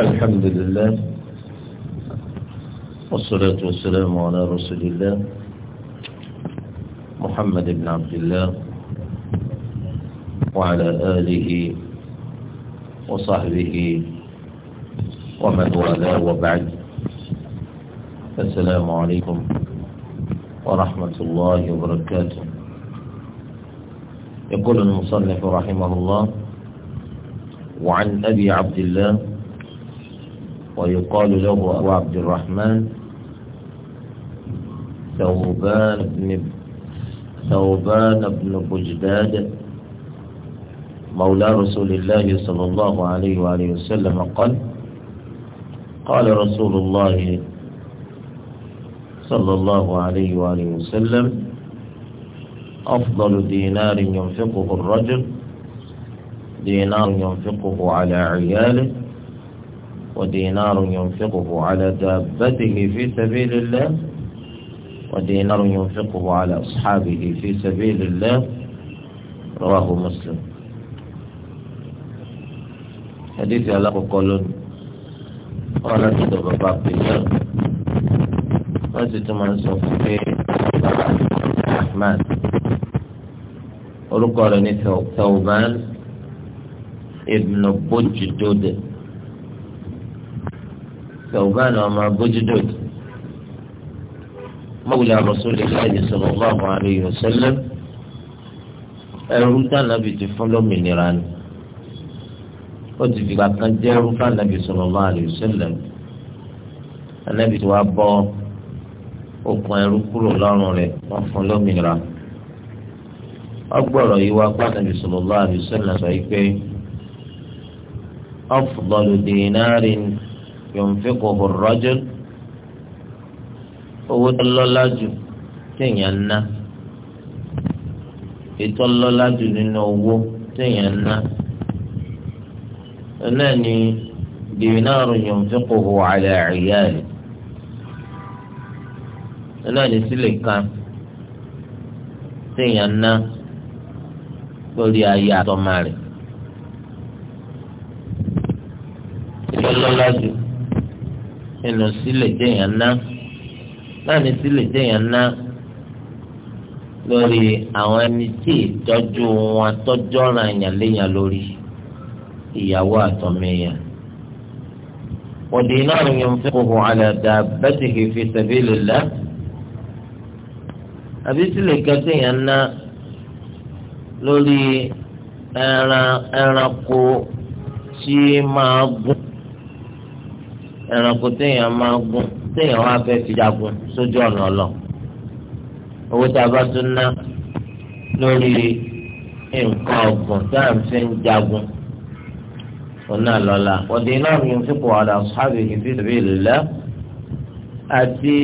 الحمد لله والصلاة والسلام على رسول الله محمد بن عبد الله وعلى آله وصحبه ومن والاه وبعد السلام عليكم ورحمة الله وبركاته يقول المصنف رحمه الله وعن أبي عبد الله ويقال له أبو عبد الرحمن ثوبان بن ثوبان بن بجداد مولى رسول الله صلى الله عليه وآله وسلم قال قال رسول الله صلى الله عليه وآله وسلم أفضل دينار ينفقه الرجل دينار ينفقه على عياله ودينار ينفقه على دابته في سبيل الله ودينار ينفقه على أصحابه في سبيل الله رواه مسلم حديث علاقة قول قال تدب باب الله وزيت من صفحه الرحمن ورقال ثوبان ابن بجدود ثوبان وما بجدد مولى رسول الله صلى الله عليه وسلم ẹrú tànàbì ti fún lómìnira ni ó ti fìgbà kan jẹ́ ẹrú fànàbì sallallahu alaihi wasallam ànàbì tí wàá bọ́ okùn ẹrú kúrò lọ́rùn rẹ̀ wọ́n fún lómìnira ọgbọ̀rọ̀ yìí wá pàtàkì sallallahu alaihi wasallam sọ yìí pé afdalu dinarin. yunfiquhu ar-rajul owó tó lọ́lá jù téèyàn ná ètò lọ́lá jù nínú owó téèyàn ná náà ni dìbìnàrù yunfiquhu ala 'iyali náà ni sílẹ̀ kan téèyàn ná lórí ayé àtọ́mọ́ láàánú sílẹ̀ jẹ́yàn ná láàánú sílẹ̀ jẹ́yàn ná lórí àwọn ẹni tí ìtọ́jú wọn tọ́jọ́ ra èèyàn léèyàn lórí ìyàwó àtọ̀mẹ́yà. ودينار ينفقه على دابته في سبيل الله àbí sílẹ̀ kẹ́tẹ́yàn ná lórí ẹran ẹranko tí máa gún ẹranko téèyàn máa gùn téèyàn wá fẹ́ fi jagun sójú ọ̀nà ọlọ owó tá a bá tún ná lórí nǹkan ọ̀gbìn tá à ń fi ń jagun ọ̀nà lọ́la ọ̀dẹ̀ iná mi ń fipò ọ̀dà sábì ìfi tẹ̀lé ìlúlẹ̀ àti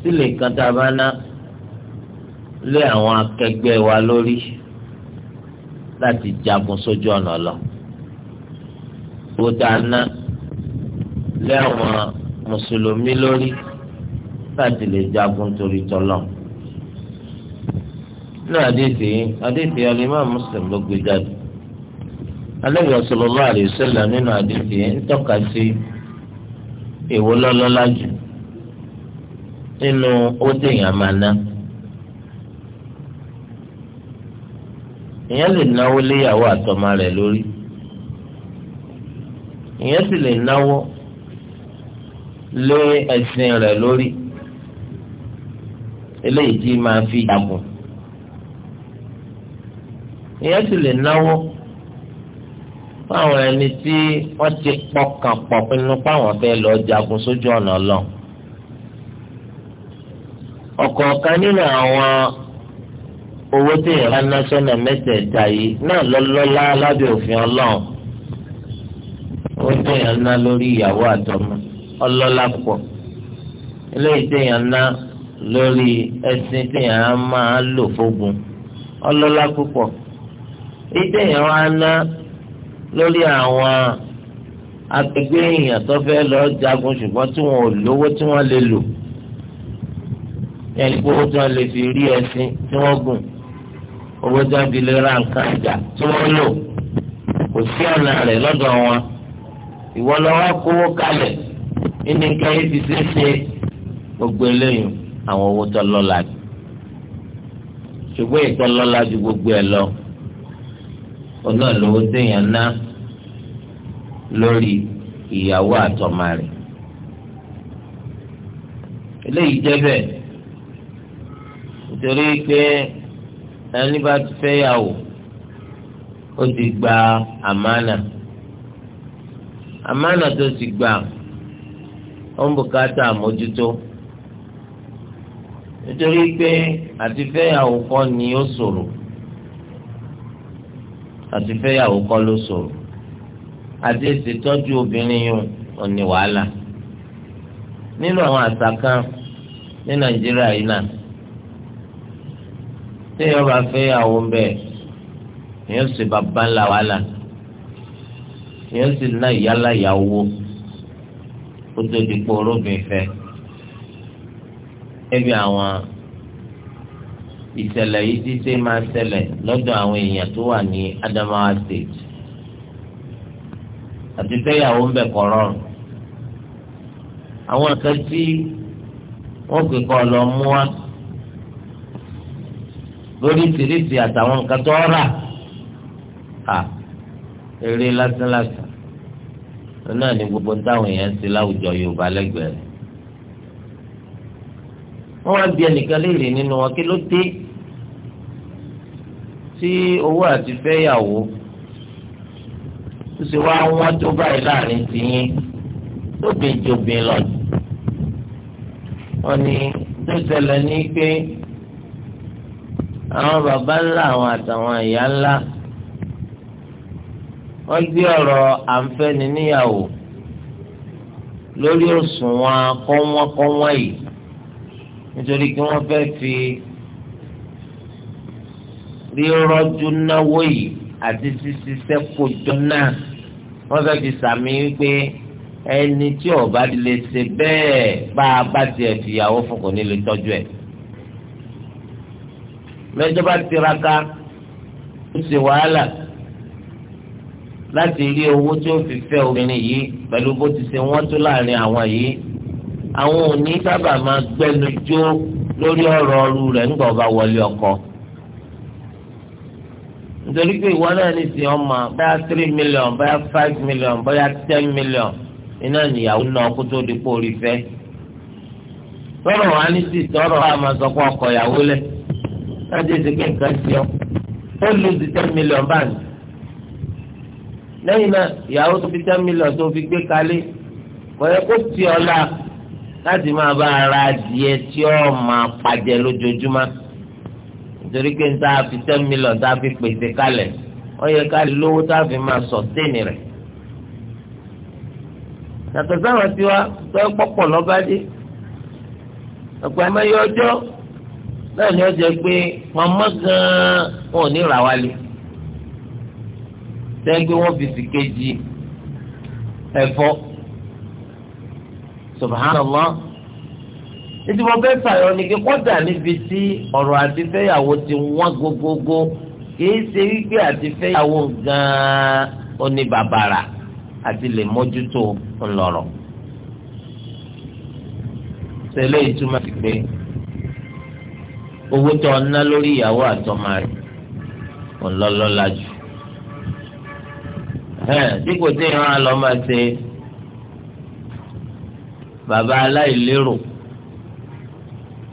sílẹ̀ kan tá a bá ná lé àwọn akẹgbẹ́ wa lórí láti jagun sójú ọ̀nà ọlọ owó tá a ná. lé àwọn mùsùlùmí lórí láti lè jagun torí tọ́lọ̀ náà àdéhìí àdéhìí alimami Muslim ló gbé jáde alẹ́bí ọ̀sọ̀lọ́lá àdìsẹ́lẹ̀ nínú àdéhìí ń tọ́ka sí èwo lọ́lọ́lá jù nínú ó dèèyàn le na lè náwó léyàwó àtọmọ rẹ̀ lórí èèyàn sì lè náwó lé ẹ̀sìn rẹ̀ lórí eléyìí tí máa fi jagun ìyẹn sì lè náwó fáwọn ẹni tí wọ́n ti pọkàn pọ̀ pinnu fáwọn fẹ́ lọ jagun sójú ọ̀nà lọ ọ̀kọ̀ọ̀kan nínú àwọn owó tí ìyẹn bá ná sọ́nà mẹ́tẹ̀ẹ̀ta yìí náà lọ́lọ́lá lábẹ́ òfin ọlọ́run owó tí ìyẹn ná lórí ìyàwó àtọmọ ọlọ́lá pọ̀ eléyìí téèyàn ná lórí ẹṣin téèyàn á máa lò fógun ọlọ́lá púpọ̀ èyí téèyàn á ná lórí àwọn akẹgbẹ́ èèyàn tó fẹ́ lọ jagun ṣùgbọ́n tí wọn ò lówó tí wọ́n lè lò yẹn kó owó tí wọ́n lè fi rí ẹṣin tí wọ́n gùn owó tí wọ́n fi lè ra nǹkan ìjà tí wọ́n lò kò sí ọ̀nà rẹ̀ lọ́dọ̀ wọn ìwọ lọ́wọ́ kówó kalẹ̀ ìní nǹkan yìí ti ṣe é ṣe gbogbo eléyìí àwọn owó tó lọ́la jù ṣùgbọ́n ìtọ́ lọ́la ju gbogbo ẹ̀ lọ ọ̀nà lówó téèyàn ná lórí ìyàwó àtọ̀mà rẹ̀ eléyìí jẹ́ bẹ́ẹ̀ nítorí pé ẹni bá ti fẹ́ yàwó ó ti gba àmánà àmánà tó ti gbà ó ń bùkátà àmójútó nítorí pé àti fẹ́yàwó kọ́ ni ó ṣòro àti fẹ́yàwó kọ́ ló ṣòro àti ìṣètọ́jú obìnrin yìí ò ní wàhálà nínú àwọn àṣà kan ní nàìjíríà yìí náà téèyàn bá fẹ́yàwó ń bẹ̀ èèyàn sì bá ńlá wàhálà èèyàn sì ná ìyálà ìyàwó kó tó di pé olóbìn fẹ́ ẹbí àwọn ìṣẹ̀lẹ̀ yìí ti ṣe máa ṣẹlẹ̀ lọ́dọ̀ àwọn èèyàn tó wà ní Adamawa state àti tẹ́yàwó ń bẹ̀ kọ́ rọrùn àwọn kan tí wọ́n pè kọ́ lọ mú wa lórí tìrìtì àtàwọn nǹkan tó rà à eré lásánlásán náà ni gbogbo táwọn èèyàn ń ṣe láwùjọ yorùbá lẹ́gbẹ̀ẹ́ wọ́n wá bí ẹnìkan léèrè nínú wọn kí ló dé tí owó àti fẹ́yàwó tó ṣe wá wọ́n tó báyìí láàrin tìyín lóbìn jòbìn lọ wọ́n ní tó ṣẹlẹ̀ ní pé àwọn baba ńlá àwọn àtàwọn ìyá ńlá wọ́n gbé ọ̀rọ̀ àǹfẹ́ni níyàwó lórí òṣùwọ̀n kọ́wọ́nkọ́wọ́n yìí nítorí kí wọ́n fẹ́ fi rírọ́jú náwó yìí àti ṣíṣiṣẹ́ kójọ náà wọ́n fẹ́ fi sàmì wípé ẹni tí ọba lè ṣe bẹ́ẹ̀ bá a bá tiẹ̀ fìyàwó fún kò ní lè tọ́jú ẹ̀. mẹ́jọ bá tiraka ó ṣe wàhálà láti rí owó tí ó fi fẹ́ obìnrin yìí pẹ̀lú bó ti ṣe wọ́n tó láàrin àwọn yìí àwọn òní sábà máa gbẹnu jó lórí ọ̀rọ̀ ọrú rẹ̀ nígbà ọba wọlé ọkọ nítorí pé ìwọ náà ní sìn ọmọ báyà three million báyà five million báyà ten million iná nìyàwó náà kó tó di kó rí fẹ́ tọrọ wa ní sí tọrọ wa máa sọ pé ọkọ ìyàwó lẹ láti ṣe kí nǹkan ṣe ọ ó lù sí ten million báyìí lẹ́yìn náà ìyàwó tó fi ten million tó fi gbé kalẹ̀ kọ̀yẹ́ kó ti ọ̀la láti máa bá ara adìẹ tí ó máa pàjẹ́ lójoojúmọ́ nítorí pé níta fi ten million tá a fi pèsè kalẹ̀ ó yẹ ká lówó tá a fi máa sọ̀tẹ́nì rẹ̀ yàtọ̀ sáwọn tí wa tó ń pọ̀pọ̀ lọ́ba dé ọ̀pọ̀ ẹ̀mẹ́yẹ ọjọ́ náà ni ó jẹ pé mọ̀mọ́ gan-an wọn ò ní rà wálé sẹ́gbẹ́ wọ́n fi sì kejì ẹ̀fọ́ subhanallah títí wọ́n fẹ́ sàyọ ni kí kọ́dà níbi tí ọ̀rọ̀ àti fẹ́yàwó ti wọ́n gógógó kìí ṣe wípé àti fẹ́yàwó gan-an ó ní bàbàrà àti lè mójútó ńlọrọ̀ tẹ́lẹ̀ ìtumọ̀ sí pé owó tó ń ná lórí ìyàwó àtọmọ rẹ̀ ńlọlọ́lá jù dípò tí ìran àlọ́ máa ṣe bàbá aláìlérò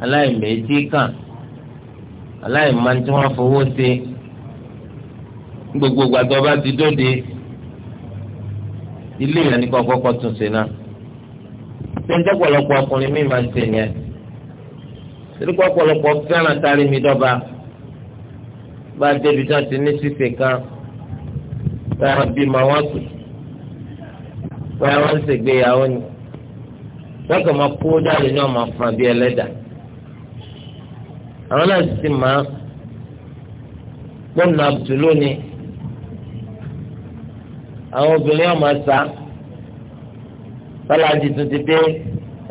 aláìmẹ̀tì kàn aláìmọ̀ tí wọ́n fowó ṣe gbogbo gbàgbọ́ bá ti dóde ilé yẹn ní kọ́kọ́kọ́ tún ṣe náà tẹ́ńtẹ́ pọ̀lọpọ̀ ọkùnrin mi máa ń ṣe yẹn tẹ́ńtẹ́ pọ̀lọpọ̀ fẹ́ràn tari mi dọ́ba bá débi tí ti ní ṣíṣe kan báyà wọn bí ma wọn sùn báyà wọn ṣègbéyàwó ni wọn kàn máa kó dáre ní ọmọ afọ àbí ẹlẹ́dà àwọn náà sì máa gbọ́nà àbùtúlù ni àwọn obìnrin ọmọ sá bọ́lájì tún ti dé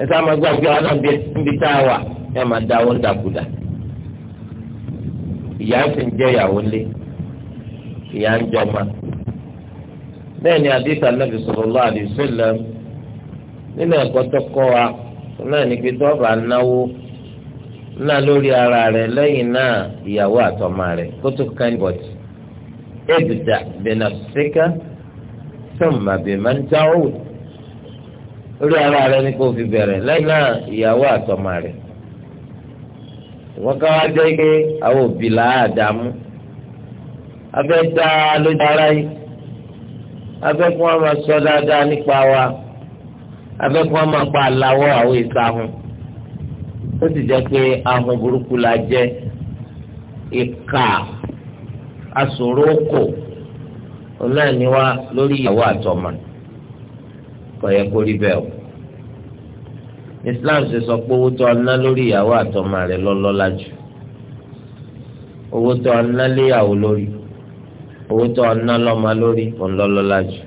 ẹ̀sán máa gbàgbé wọn náà níbi tá a wà ẹ̀ máa da owó dàkúdà ìyá sì ń jẹ́ ìyàwó lé ìyá ń jọma bẹ́ẹ̀ ni àdìsá nàbì sallallahu alaihi wasallam nínú ẹ̀kọ́ tó kọ́ wa náà ní pé tó bá náwó lórí ara rẹ̀ lẹ́yìn náà ìyàwó àtọmọ rẹ̀ kó tó kàn bọ̀tì ibda bi nafsika thumma biman lórí ara rẹ̀ ni kò fi bẹ̀rẹ̀ lẹ́yìn náà ìyàwó rẹ̀ wọ́n ká wá àwọn òbí abẹ́kún wa máa sọ dáadáa nípa wa abẹ́kún wa máa pa àláwọ̀ àwọn ìsahùn ó sì jẹ́ pé ahùn burúkú la jẹ́ ìka asòro kò náà ni wá lórí ìyàwó àtọmọ kò yẹ kó rí bẹ́ẹ̀ o Islam ṣe sọ pé owó tó ọ ná lórí ìyàwó àtọmọ rẹ lọ́lọ́lá jù owó tó ọ ná léyàwó lórí owó tó ọ̀nà lọ́mọ lórí ọ̀nlọ́lọ́lá jù.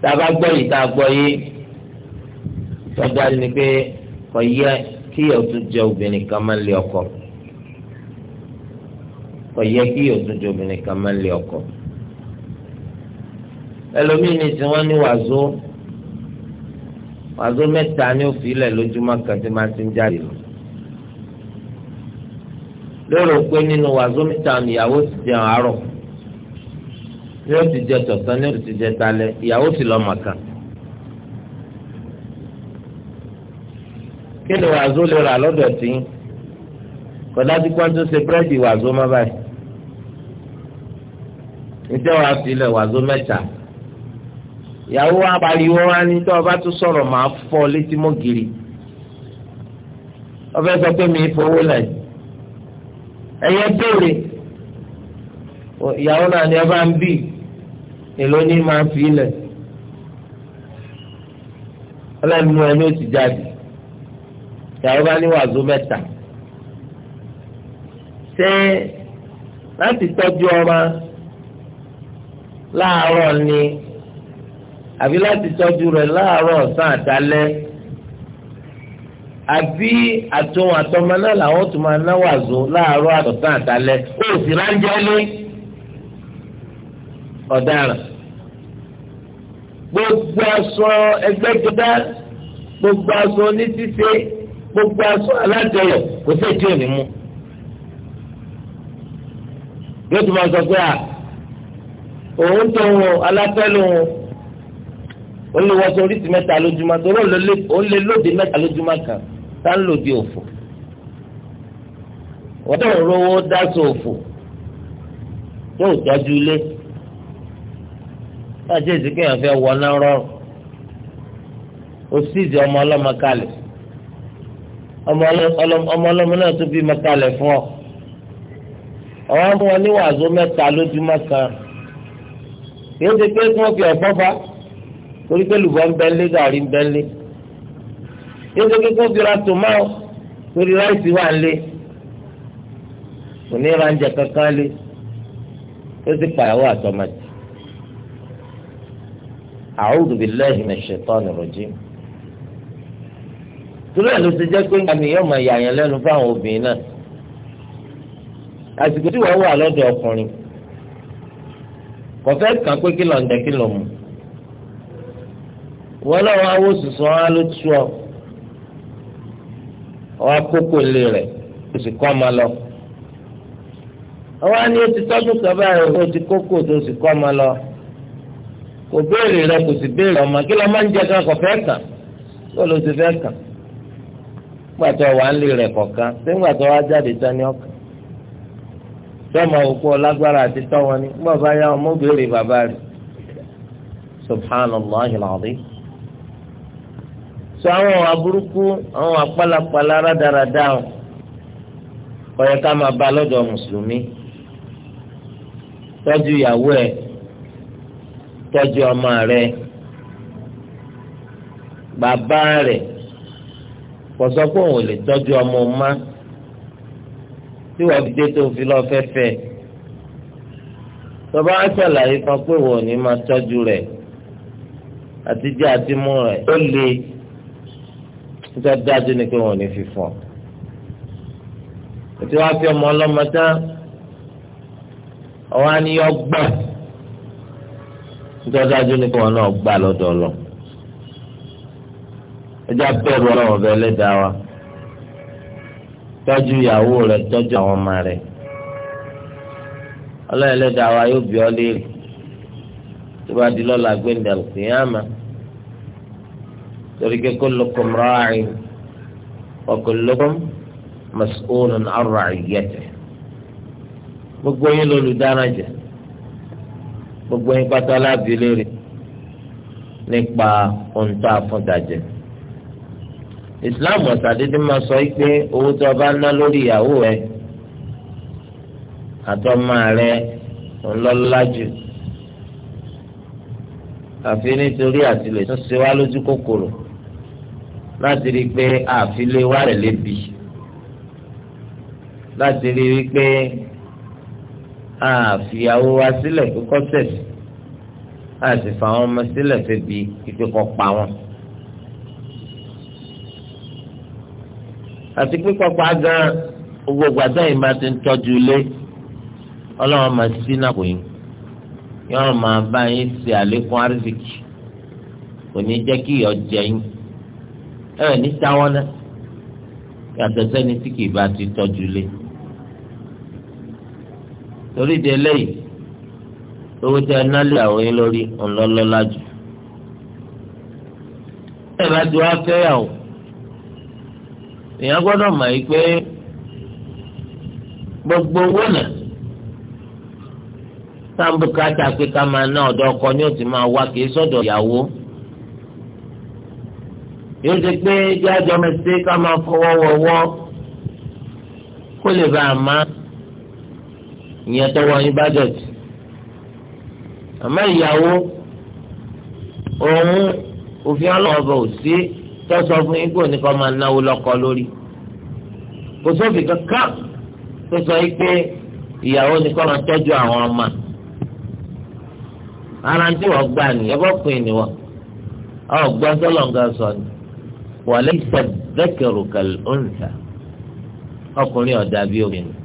tá a bá gbọ́ yìí tá a gbọ́ yìí tọ́jà ni pé kò yẹ kí yóò tún jẹ obìnrin kan máa ń lé ọkọ kò yẹ kí yóò jẹ obìnrin kan máa lé ọkọ ẹlòmíín ni tí wọ́n ní wàzó wàzó mẹ́ta ni ó fi ilẹ̀ lójúmọ́ kan tí máa ti ń jáde lọ lérò pé nínú wàzómítà ìyàwó ti jẹun àárọ̀ ní o ti jẹ tọ̀sán ní o ti jẹ talẹ̀ ìyàwó ti lọ màkà. kí ni wàzó lè rà lọ́dọ̀ tí kọ́dá tí pọ́ńtò ṣe búrẹ́dì wàzó má báyìí. níjẹ́ wàá filẹ̀ wàzó mẹ́ta ìyàwó wa pariwo wa ní tí ọba tún sọ̀rọ̀ máa fọ́ létí mọ́gìrì ọbẹ̀ sọ pé mi fowó lẹ́yìn ẹ̀yẹ béèrè ìyàwó náà ni ẹ bá ń bì èló ní máa fi ilẹ̀ ọlọ́run ẹni ó ti jáde ìyàwó bá ní wàzó mẹ́ta ṣé láti tọ́jú ọmọ láàárọ̀ ni àbí láti tọ́jú rẹ̀ láàárọ̀ ọ̀sán àtàlẹ́ àbí àtòun àtọmọ náà làwọn tó máa náwó àzó láàárọ̀ àtọ̀tán àtàlẹ́ ó sì ránjẹ́ lé ọ̀daràn gbogbo aṣọ ẹgbẹ́ gbẹdá gbogbo aṣọ onítìsé gbogbo aṣọ aládẹyọ kò sí ètò òní mú yóò tún máa sọ pé à òun tó ń alápẹ́lú ó lè wọ́sọ oríṣi mẹ́ta lójúmọ́ tó lè lóde mẹ́ta lójúmọ́ kan. tá ń lò di òfò wọ́n tó rówó dá sí òfò tó ò tọ́jú ilé láti èsì kéèyàn fẹ́ wọ náà rọrùn ó ọmọ ọlọ́mọ kalẹ̀ ọmọ ọlọ́mọ náà tó bímọ kalẹ̀ fún ọ àwọn ọmọ wọn ní wàzó mẹ́ta lójúmọ́ kan yóò ti pé kí wọ́n fi fa torí yóò tó kíkó bíra tòmá o torí ráìsì wà ń lé kò ní ra oúnjẹ kankan lé ó sì pàyàwó àtọmọdé a'udhu billahi minash shaitanir rajim torí ẹ̀ ló ti jẹ́ pé àmì yóò máa yàyàn lẹ́nu fáwọn obìnrin náà àsìkò tí wọ́n wà lọ́dọ̀ ọkùnrin kọ̀fẹ́ kan pé kí lọ́ndẹ̀ kí lọ́mù wọ́n lọ́wọ́ awó sùsùn á ló tú ọ. ọwọ́ akókò ńlẹ rẹ̀ kò sì kọ́ lọ. ọwọ́ ni o ti tọ́dún o ti kókò tó sì lọ. kò béèrè rẹ̀ kò sì béèrè ọmọ kí lọ́ọ́ máa ń jẹ kan kò fẹ́ kàn kó kàn. wà ń lè rẹ̀ kọ̀ọ̀kan ṣé gbàtọ̀ wá jáde ọkàn. òkú ọlágbára àti bá yá sọ àwọn aburúkú àwọn àpàlàpàlà rádaràdà ó yẹ ká máa bá lọ́dọ̀ mùsùlùmí tọ́jú ìyàwó ẹ̀ tọ́jú ọmọ rẹ̀ bàbá rẹ̀ kò sọ pé òun ò lè tọ́jú ọmọ ọmọ tí wọ́n fi dé tó fi lọ́ọ́ fẹ́fẹ́ tọ́ba á kan pé wọ́n ò ní máa tọ́jú rẹ̀ àtijọ́ àti mú rẹ̀ ó le níta dájú ni pé wọn ò ní fi fún ọ ètò wàá fi ọmọ ọlọ́mọ tán ọwọ́ á ní yọ gbà níta dájú ni pé wọn náà gbà lọ́dọ̀ ọlọ ẹjá bẹ̀rù ọlọ́wọ́ bẹ́ẹ̀ lẹ́dàá wa tọ́jú ìyàwó rẹ̀ tọ́jú àwọn ọmọ rẹ̀ ọlọ́yẹ̀lẹ́dàá wa yóò bí ọ léèrè tó bá di lọ́la gbẹ̀ndẹ̀ àlùkìyàmà torí pé kullukum ra'in wa kullukum mas'ulun 'an ra'iyyatihi gbogbo yín lolùdáná jẹ gbogbo yín pátá lábìlérè nípa ohun tó afúndàjẹ ìsìláàmù ọ̀sàdédé máa sọ pé owó tó o bá ná lórí ìyàwó rẹ àtọ́mọ rẹ ńlọ́lá àfi nítorí àtìlẹ́sùn ṣe lójú kòkòrò láti rí i pé àfilé wà rẹ̀ lébi láti rí i pé àfìyàwó wa sílẹ̀ kókó tẹ̀sí láti fà wọn ọmọ sílẹ̀ fẹ́bi ìpínkọ́ pa wọn. àti pípọ̀ pa gan gbogbo gbàdá yìí máa ti ń tọ́jú ilé ọlọ́run máa sí náà kò yín yọ̀ọ́ máa bá yín ṣe àlékún àrísìkì kò ní jẹ́ kí ìyọ̀ jẹ yín. ẹ ní táwọn náà yàtọ̀ sẹ́ni tí kìí bá ti tọ́jú lé torí de lẹ́yìn owó tẹ ẹ àwọn yín lórí ọ̀nlọ́lọ́lá jù ẹ bá ti wá fẹ́yàwó èèyàn yìí pé gbogbo owó náà sáà ń bùkátà pé ká máa ọkọ ni ó máa wá yóò ṣe pé bí àjọ mẹsẹ ká máa fọwọ́ wọwọ́ kó lè bá a má ìyẹn tọwọ́ yín bá dọ̀tí àmọ́ ìyàwó òun òfin ọlọ́ọ̀bà ò sí tọ́sọ fún yín kò ní kọ́ máa náwó lọ́kọ lórí kò sófin kankan tó sọ yìí pé ìyàwó ní máa tọ́jú àwọn ọmọ ara ń tí wọ́n gbà ní ẹ̀bọ́ pin ni ọ̀gbọ́n tó sọ ni walaysa dhakaru kal-untha ọkùnrin ọ̀dà bí obìnrin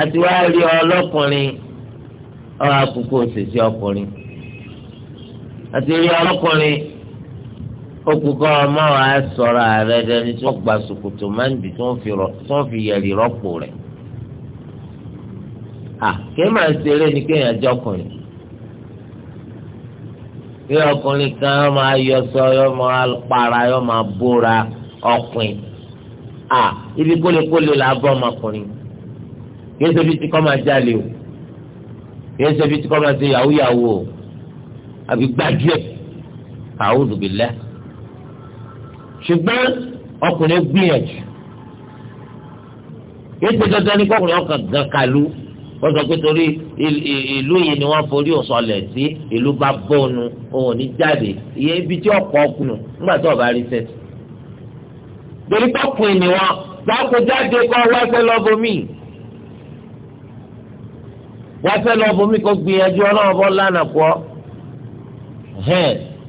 àti wàá rí ọlọ́kùnrin ọ̀rọ̀ àkókò òṣèṣì ọkùnrin àti rí ọlọ́kùnrin okùnkọ́ ọmọ wa sọ̀rọ̀ ààrẹ dẹni tí wọ́n gba sòkòtò máa ń bì tí wọ́n fi yẹ̀rì rọ́pò rẹ̀ à kéèmà ń ṣeré ni kéèyàn jọkùnrin bí ọkùnrin kan yọ máa yọ sọ yọ máa para yọ máa bóra ọkùnrin à ibi kólekóle là á bọ́ ọmọkùnrin yóò ṣe bí tí kò máa jalè o yóò ṣe bí tí kò máa ṣe yahoo yahoo o àbí gbájú ẹ̀ àwùjọ bí lẹ́ ṣùgbọ́n ọkùnrin gbìyànjú yóò ṣe dandan ní kọkùnrin ọkàn gan kalu wọ́n sọ pé torí ìlú yìí ni wọ́n forí òsọlẹ̀ sí ìlú bá bọ́ọ̀nù òun ní jáde iye ibi tí ọ̀pọ̀ ọkùnrin nígbà tó ọba rí sẹ́sì. torí tọkùnrin ni wọn gbàgbọ́ jáde kọ́ wáṣẹ́ lọ́bọ̀mí wáṣẹ́ lọ́bọ̀mí kò gbìyànjú ọlọ́run bọ́ lánàá pọ̀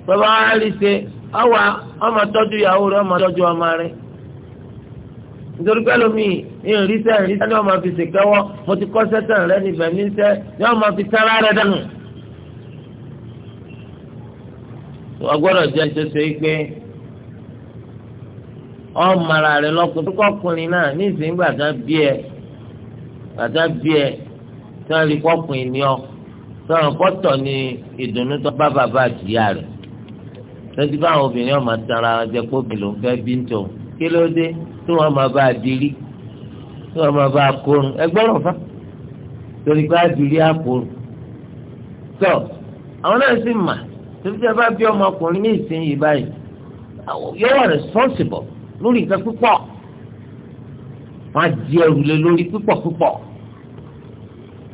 bàbá wa rí ṣe ọwà ọmọ tọ́jú ìyàwó rẹ̀ ọmọ tọ́jú ọmọ rẹ̀ nítorí pẹ́lú mi ìrìnsẹ̀ ìrìnsẹ̀ ni wọ́n máa fi ṣèkẹ́wọ́ mo ti kọ́ sẹ́tàn rẹ níbẹ̀ ní sẹ́ ni wọ́n máa fi tẹ́lá rẹ dànù. wọ́n gbọ́dọ̀ jẹ́ ní tó ṣe é pé ọmọra rẹ lọ́kùnrin kọ́kùnrin náà ní ìsìn gbàdá bí gbàdá bí ẹ tí rí kọ́kùnrin ni ọ sọ̀rọ̀ pọ́tọ̀ ni ìdùnnú tó bá bàbá àdìyà rẹ̀ lọ́sibí àwọn obìnrin ọmọ tara jẹ́ pé ló ń fẹ́ bí ń tò kí ló dé tí wọ́n máa bá a dirí tí wọ́n máa bá a kórun ẹgbọ́rọ̀ fa torí pé àjùlé àkórun tọ́ àwọn náà sì mà torí tí a bá bí ọmọkùnrin ní ìsinyìí báyìí yóò wà responsible lórí nǹkan púpọ̀ wọ́n á di ẹrù lé lórí púpọ̀ púpọ̀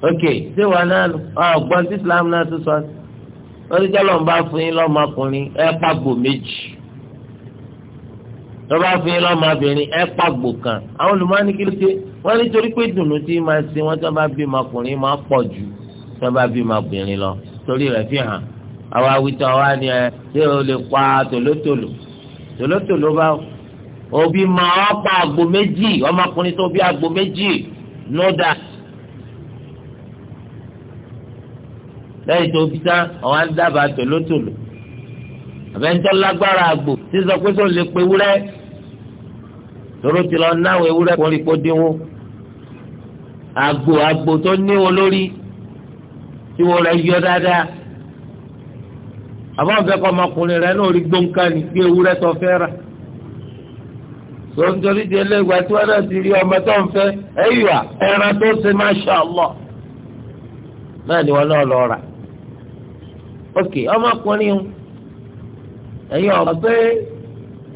ok ṣé wàá náà ọgbọ́n tí Islam náà tún sọ ọ́ lórí jẹ́ lọ́nba fún yín lọ́mọkùnrin ẹ̀ pàgbò méjì lọ́ba fi lọ́mọbìnrin ẹ pàgbò kan àwọn olùmọ́ni kí ló dé wọ́n nítorí pé dùnú tí máa ṣe wọ́n tí wọ́n bá bí ọmọkùnrin máa pọ̀ ju tí wọ́n bá bí ọmọbìnrin lọ torí rẹ̀ fi hàn àwa awitọ̀ wa ni ẹ ṣé o lè pa tòlótòló tòlótòló bá òbí máa pa àgbò méjì ọmọkùnrin tó bí àgbò méjì nódà. lẹ́yìn tó bí tán àwọn á dábàá tòlótòló àbẹ̀ntọ́ lágbára àgbò tí sọ pé sọ lè pe wúrẹ́ tóró ti lọ náwó ewúrẹ́ kórì kó dínwó àgbò àgbò tó níwó lórí tí wọ́n rẹ̀ yọ dáadáa àbá ọ̀fẹ́ kọ́ ọmọkùnrin rẹ̀ náà rí gbóǹkà ní bí ewúrẹ́ tó fẹ́ rà tó ń torí di ẹlẹ́gbà tí wọ́n náà ti rí ọmọ tó ń fẹ́ ẹ̀yà ẹran tó ṣe masha Allah náà ni wọ́n náà lọ rà ok ọmọkùnrin o ẹ̀yin ọ̀gbọ́n pé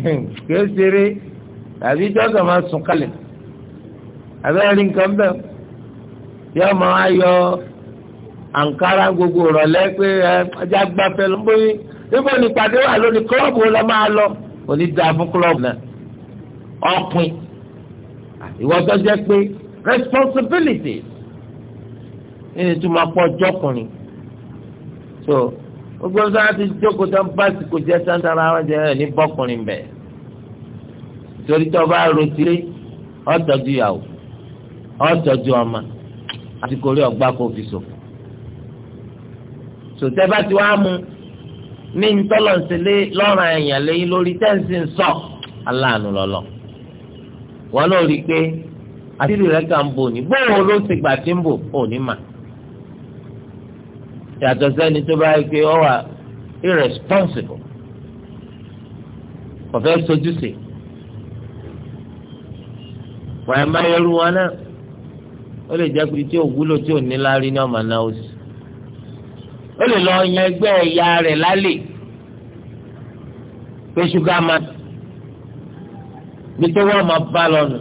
hmm, kì í ṣeré àbí jọ́sọ̀ máa sùn kalẹ̀ abẹ́rẹ́ rí nǹkan bẹ́ẹ̀ yọ máa yọ àǹkárá gbogbo rọ̀lẹ́ pé ọjà gbafẹ́ ló ń bóyí níbo ni pàdé wà lónìí kílọ̀bù lọ máa lọ òní da fún kílọ̀bù náà ọ̀pin ìwọ́jọ́ jẹ́ pé responsibility ní ìtumọ̀ pọ̀ jọkùnrin so gbogbo nsọ àti jókòó tán báàsì kò jẹ sáńtara wọn jẹ ẹ ní bọkùnrin bẹ torí tó bá rotire ọtọjú ìyàwó ọtọjú ọmọ àti kò rí ọgbà kò fi sòfò sòtẹ́ bá ti wá mu ní ntọ́lọ̀nsẹ̀lẹ̀ lọ́ràn ẹ̀yàn lẹ́yìn lórí tẹ́ǹsì sọ aláàánú lọ́lọ́ wọn náà rí i pé àtìrì rẹ̀ kà ń bò ní bóun ló ti gbà tí ń bò òní mà yàtọ̀ sẹ́ni tó bá gbé ọ wà irresponsible kò fẹ́ sojúṣe wàá má yẹrù wọn náà ó lè jẹ́ pé tí ò wúlò tí ò ní láárí ní ọmọ náà ó sì ó lè lọ yan ẹgbẹ́ ẹ̀yà rẹ̀ lálẹ́ pé ṣúgà máa bí tó wọ́n máa bá lọ nù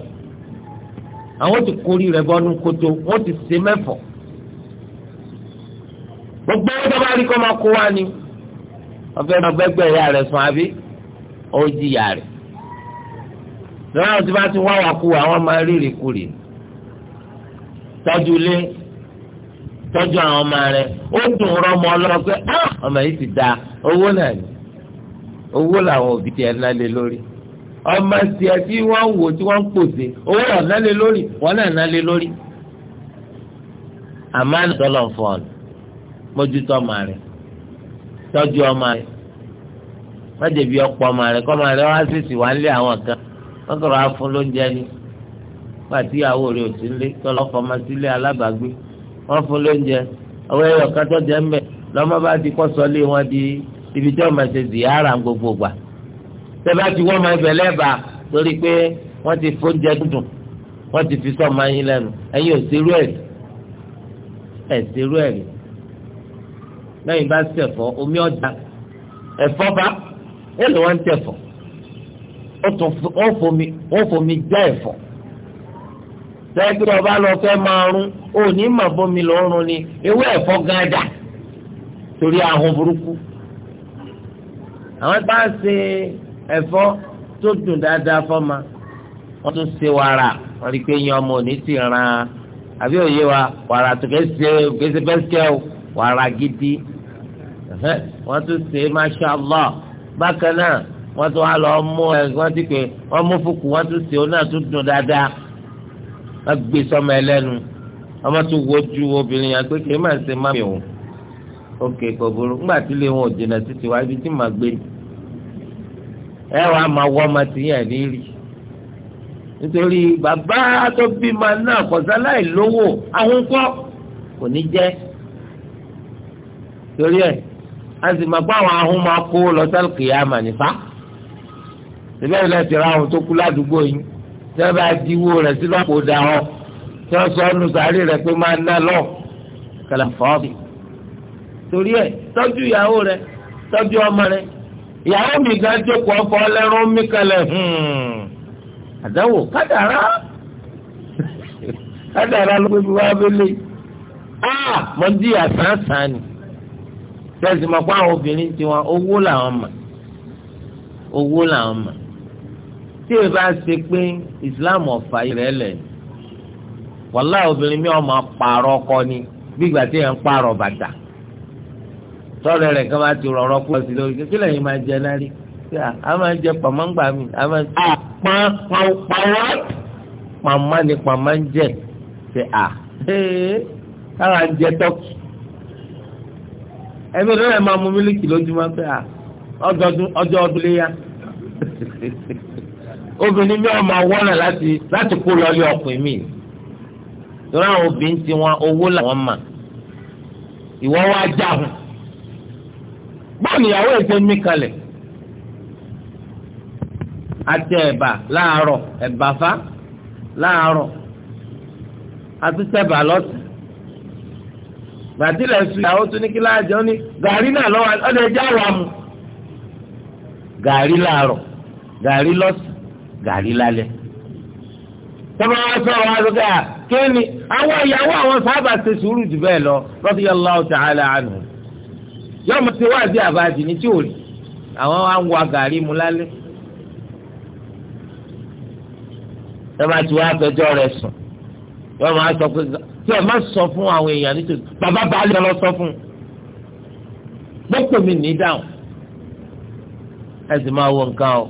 àwọn ti kórìí rẹ̀ bọ́nú kótó wọ́n ti ṣe mẹ́fọ̀ọ́ gbogbo owó tó bá rí kọ́ máa kó wá ni ọ̀fẹ́ náà gbẹ́gbẹ́ ìyá rẹ̀ sùn àbí ó di ìyá rẹ̀ lọ́wọ́ tí bá ti wá wà kú àwọn máa rírì kúrì tọ́jú ilé tọ́jú àwọn ọmọ rẹ̀ ó dùn rọmọ ọlọ́rọ̀ pé ọmọ yìí ti da owó náà ni owó làwọn òbí tiẹ̀ ná lé lórí ọmọ tiẹ̀ tí wọ́n wò tí wọ́n ń pòsè owó náà ná lórí wọ́n náà ná lórí àmọ́ àná tọ́lọ̀ fọ́ọ̀nù mójútó ọmọ rẹ̀ tọ́jú ọmọ rẹ̀ májèbí ọ̀pọ̀ ọmọ rẹ̀ kọ́mọ rẹ̀ wá sèṣì wá nílé àwọn kan wọ́n sọ̀rọ̀ afún lóúnjẹ ni pàtí ìyàwó rẹ̀ ò sí nílé tọ́lọ́ fọmọ sílé alábàágbé wọ́n fún lóúnjẹ ọwọ́ ẹ̀yọ̀ kátó jẹ́ ń bẹ̀ lọ́mọ bá ti kọ́ sọ́lé wọn di ibi tí ọmọ ṣe zìyàrá gbogbo gbà tẹ́lá ti wọ́n máa bẹ̀ lẹ́bà torí pé wọ́n ti fóúnjẹ dùn wọ́n ti fi sọ́ọ̀mọ́ yín lẹ́nu ẹ̀yin ò sí rú ẹ̀rí ẹ̀ sí rú ẹ̀rí lẹ́yìn bá ṣẹ̀fọ́ omi ọ̀dà ẹ̀fọ́ bá èlò wọn tẹ̀fọ́ wọ́n fomi já ẹ̀fọ́ sẹ́gbẹ́ ọba lọ fẹ́ máa rún òní mà bómi lọ rún ni ewé ẹ̀fọ́ gan dà torí ahun burúkú àwọn bá ṣe ẹ̀fọ́ tó dùn dáadáa fọ́ma wọ́n tún ṣe wàrà wọ́n rí i pé yan ọmọ òní ti ràn án àbí òye wa wàrà tó kẹ́ ṣe kẹ́ o wàrà gidi wọ́n tún ṣe masha allah bákan náà wọ́n tún wá lọ mú ẹ wọ́n ti pè wọ́n mú fúkú wọ́n tún ṣe ọ náà tún dùn dáadáa wọ́n gbé sọmọ ẹlẹ́nu ọmọ tún wojú obìnrin yẹn pé kì í máa ṣe má mi o òkè kò burú ńgbà tí ilé wọn ò jìnnà títí wá ibi tí màá gbé ẹ wà á máa wọ ọmọ tí yẹn ní rí nítorí bàbá tó bí ma náà kọ̀sá láì lówó àwọn kò ní jẹ́ torí ẹ̀ a sì máa gbọ́ àwọn ahun máa kó lọ sálù kìyàmà nípa síbẹ̀ yìí láti ra àwọn tó kú ládùúgbò yìí tí wọ́n bá diwó rẹ̀ sí lọ́pọ̀ dà ọ́ tí wọ́n sọ ọ́nù sàárì rẹ̀ pé máa ná lọ kàlà fọ́ọ̀bì torí ẹ̀ tọ́jú ìyàwó rẹ̀ tọ́jú ọmọ rẹ̀ ìyàwó mi gan jókòó ọkọ ọlẹ́rú mi kalẹ̀ hmm, àdáwò kádàrá kádàrá ló gbé wá abẹ́lé ah mọ̀ ń di ni tẹ̀sí mọ̀ pé àwọn obìnrin tiwọn owó làwọn mọ̀ owó làwọn mọ̀ tí èèyàn bá ṣe pé ìsìláàmù ọ̀fà rẹ̀ lẹ̀ wàlá obìnrin mi ọmọ pààrọ̀ ọkọ ni bí ìgbà tí èèyàn ń pààrọ̀ bàtà tọ́lẹ̀ rẹ̀ kí wọ́n ti rọ̀rọ̀ kú ọ̀sìn lórí kí lẹ́yìn máa jẹ náà rí a máa jẹ pàmọ́ngbà mi a máa jẹ pàmọ́ pàmọ́ ni pàmọ́ ń jẹ ṣe à kára ń jẹ tọ́kì. ẹ̀mí lọ́rẹ̀ máa mú mílíkì lójúmọ́ pé à ọjọ́ ọdún léyà obìnrin mi ọmọ wọ́nà láti láti kó lọ lé ọkùnrin mi torí àwọn obìnrin ti wọn owó làwọn mà ìwọ wá jáhùn báwo nìyàwó ètò mi kalẹ̀ àti ẹ̀bà láàárọ̀ ẹ̀bà fa àti gbàtílẹ̀ sùn ìyàwó tún ní kí láàjọ ní gàrí náà lọ́wọ́ ọ̀dọ̀ ẹjẹ́ àwọn mu gàrí làárọ̀ gàrí lọ́sùn gàrí lálẹ́ tọ́ba wa sọ̀rọ̀ wa lókè à kéènì àwọn ìyàwó àwọn sábà ṣe sùúrù jù bẹ́ẹ̀ lọ radiyallahu ta'ala anhu yọ ọmọ tí wàá bí àbájì ní tí ò rí àwọn wa ń wa gàrí mu lálẹ́ tọ́ba sùn yọ sọ pé tí ẹ má sọ fún àwọn èèyàn nítorí bàbá baálé lọ sọ fún gbọ́pọ̀ mi ní dáhùn ẹ sì máa wo nǹkan o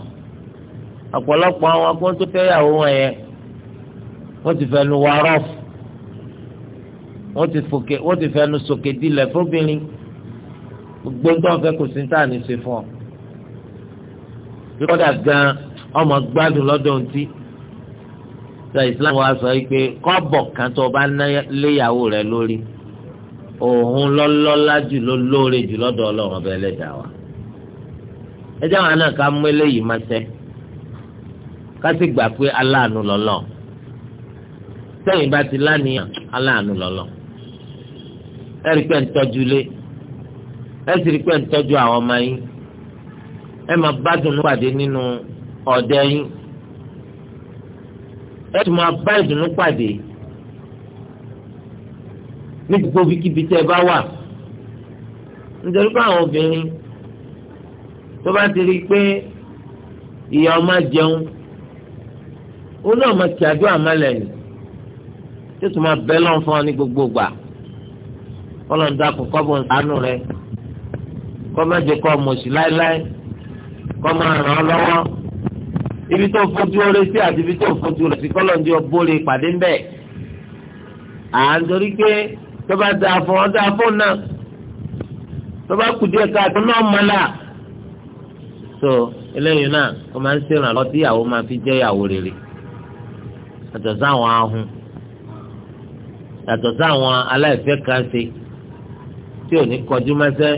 ọ̀pọ̀lọpọ̀ àwọn akọ́n tó fẹ́yàwó wọn yẹn wọ́n ti fẹnu wa rọ́ọ̀fù wọ́n ti fẹnu sòkè dilẹ̀ fóbìnrin gbogbo ń tọ́ fẹ́ kò sí tá à ní ṣe fún ọ. bí kọ́dà gan ọmọ gbádùn lọ́dọ̀ ọ̀hún tí sọ islam wa sọ pé kọ́bọ̀ kan tó bá ná léyàwó rẹ lórí òun lọ́lọ́lá jù ló lóore jù lọ́dọ̀ ọlọ́run ọba ẹlẹ́dàá wa ẹ jẹ́ àwọn náà ká mú eléyìí máa ṣe ká sì gbà pé aláàánú lọ́lọ́ sẹ́yìn bá ti lánìyàn aláàánú lọ́lọ́ ẹ rí pé ń tọ́jú lé ẹ sì rí pé ń tọ́jú àwọn ọmọ yín ẹ máa bá dùnú pàdé nínú ọ̀dẹ yín. ẹ tún máa bá ìdùnnú pàdé ní gbogbo ibikíbi tẹ́ ẹ bá wà nítorí pé àwọn obìnrin tó bá ti rí i pé ìyá ọmọ jẹun ó náà máa kí àjọ àmàlẹ̀ nì tó tún máa bẹ́ lọ́n fún ọ ní gbogbo gbà ọlọ́ọ̀dà kò kọ́bọ̀ sánú ibi tó fojú ọ̀rẹ́ sí àti ibi tó fojú rẹ̀ sí kọlọ ní ọbọ lè pàdé ń bẹ à ń torí pé tó bá da fún ọ da náà tó bá kù díẹ̀ káàtó náà mọ náà so eléyìí náà ó máa ń ṣèrànlọ́ tí ìyàwó máa fi jẹ́ ìyàwó rere yàtọ̀ sáwọn ahun yàtọ̀ sáwọn aláìfẹ́ kan ṣe tí ò ní kọjú mẹ́sẹ́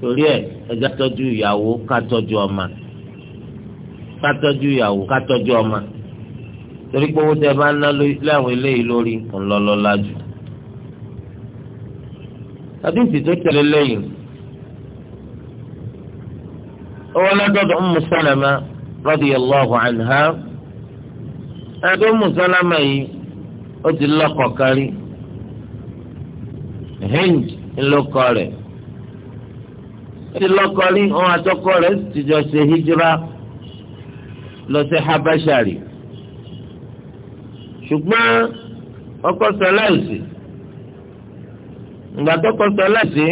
torí ẹ̀ ẹja tọ́jú ìyàwó ká tọ́jú ọmọ ká yawo ìyàwó ká torí pé tẹ bá ná láwọn eléyìí lórí ńlọlọlá jù. àdìsí tó tẹ̀lé lẹ́yìn owó lọ́dọ̀dọ̀ ń mùsàlámà radiyallahu anha ẹgbẹ́ mùsàlámà yìí ó ti lọ́kọ̀ kárí hind ńlọkọ rẹ̀ ó ti rí ohun ti jọ ṣe hijira. lọ sí habasha rí ṣùgbọ́n ọkọ sọláìsì ìgbà tó kọ sọláìsì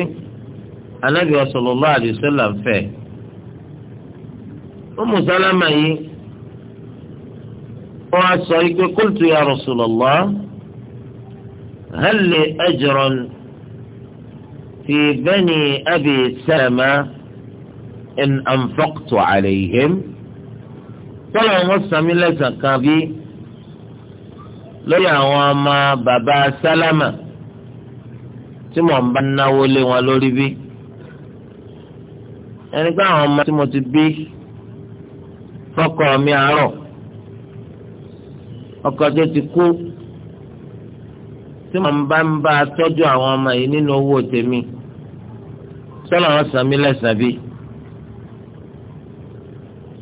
anabi sallallahu alaihi wasallam fẹ́ Ummu Salama yìí wọ́n á sọ ike kóòtù ya hẹ́lẹ̀ Rasulullah hal li ẹ̀bí fi ẹ̀ ń Salama àlẹ́ yìí alayhim. tọ́lọ̀ wọn sàmì lẹ́sàn kan bí lórí àwọn ọmọ bàbá sálámà tí mò ń bá náwó lé wọn lórí bí ẹni pé àwọn ọmọ tí mo ti bí fọkọ mi àárọ̀ ọkọ tó ti kú tí mò ń bá ń bá tọ́jú àwọn ọmọ yìí nínú owó tèmi tọ́lọ̀ wọn sàmì lẹ́sàn bíi.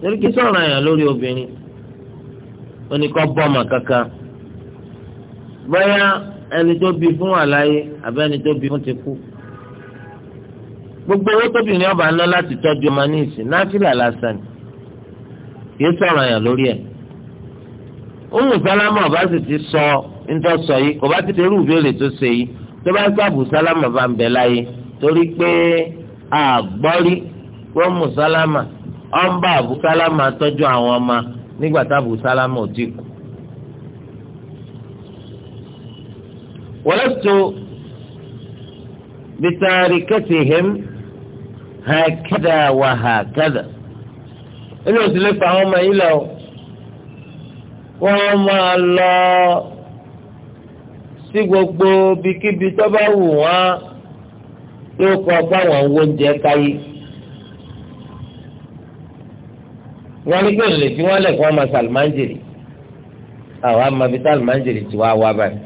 torí kí sọ̀rọ̀ àyàn lórí obìnrin oníkọ́ bọ́ọ̀mà kankan bóyá ẹni tó bí fún àlàyé àbẹ́ ti kú gbogbo owó tóbìnrin ọba ná láti tọ́jú ọmọ ní ìsìn náfìlà lásán ni kì í sọ̀rọ̀ àyàn lórí ọba sì ti sọ ńtọ́ sọ yìí kò bá ti ti rú ìbéèrè tó ṣe yìí tó bá sábù sálámà bá ń láyé torí pé àgbọ́rí wọ́n mú sálámà ọ́n bá àbúsálámà tọ́jú àwọn ọmọ nígbà tá àbúsálámà ò ti kú. ولست بتاركتهم هكذا وهكذا inú òsì lè fa àwọn ọmọ yìí lọ wọ́n máa lọ sí gbogbo bíkíbi tó bá wù wọ́n yóò kọ́ báwọn oúnjẹ káyé. wọ́n ní pé lè fi wọ́n lẹ̀ fún ọmọ sàlùmáǹjèrè àwọn amabi sàlùmáǹjèrè tí wàá wá báyìí.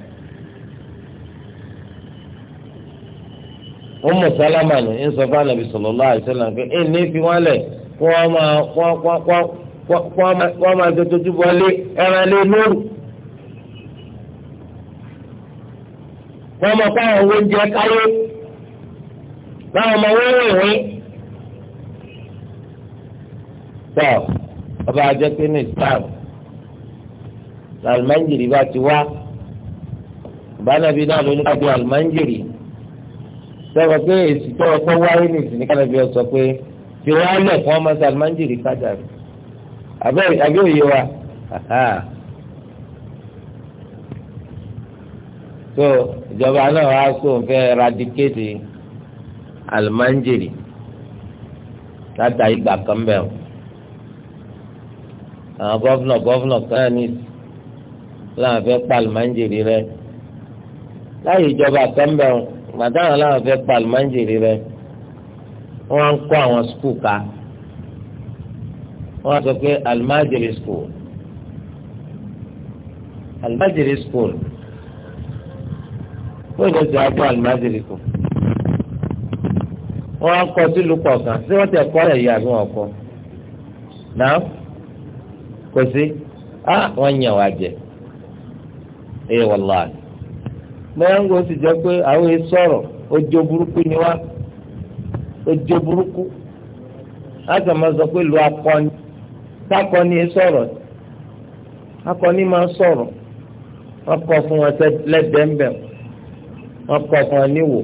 wọ́n mọ̀ sálámà nù ń sọ fún ànàbì sallallahu pé ní fi wọ́n lẹ̀ kó wọ́n máa kó wọ́n lé ẹran lé lóru. fún àwọn oúnjẹ ọba ajẹ́ pé ní islam almanjiri bá ti wá ìbánabi náà ló ní ká di almanjiri sọ̀rọ̀ pé èsì tó ọkọ̀ wáyé ní ìsìn nígbà bí ọ sọ pé tí wọ́n á lẹ̀ fún ọmọ sí almanjiri kájà rẹ̀ àbí òye wa so ìjọba náà wá sóun fẹ́ radicate almanjiri látàrí gbà kan bẹ́ẹ̀ o àwọn gọ́vnọ̀ gọ́vnọ̀ kan ní láwọn fẹ́ pàlùmáńjèrè rẹ láyé ìjọba kan bẹ̀rù gbàdáwọn láwọn fẹ́ pàlùmáńjèrè rẹ wọ́n á ń kọ́ àwọn skul ká wọ́n á sọ pé alimajiri skul alimajiri skul wọ́n yóò ti àgbọ̀ alimajiri kù wọ́n á kọ́ sílùú kọ̀ọ̀kan tí wọ́n ti ẹ̀kọ́ rẹ̀ yà bí wọ́n kọ́ náà kò sí á wọ́n yàn wá jẹ ẹ wàláhì bẹ́ẹ̀ ń gbọ́ sì jẹ́ pé àwọn èèyàn sọ̀rọ̀ ọjọ́ burúkú ni wá ọjọ́ burúkú láti máa sọ pé lu akọni sákọni sọ̀rọ̀ akọni máa sọ̀rọ̀ wọ́n kọ́ fún wọn lẹ́dẹ̀ẹ́mbẹ̀ wọ́n kọ́ fún wọn níwò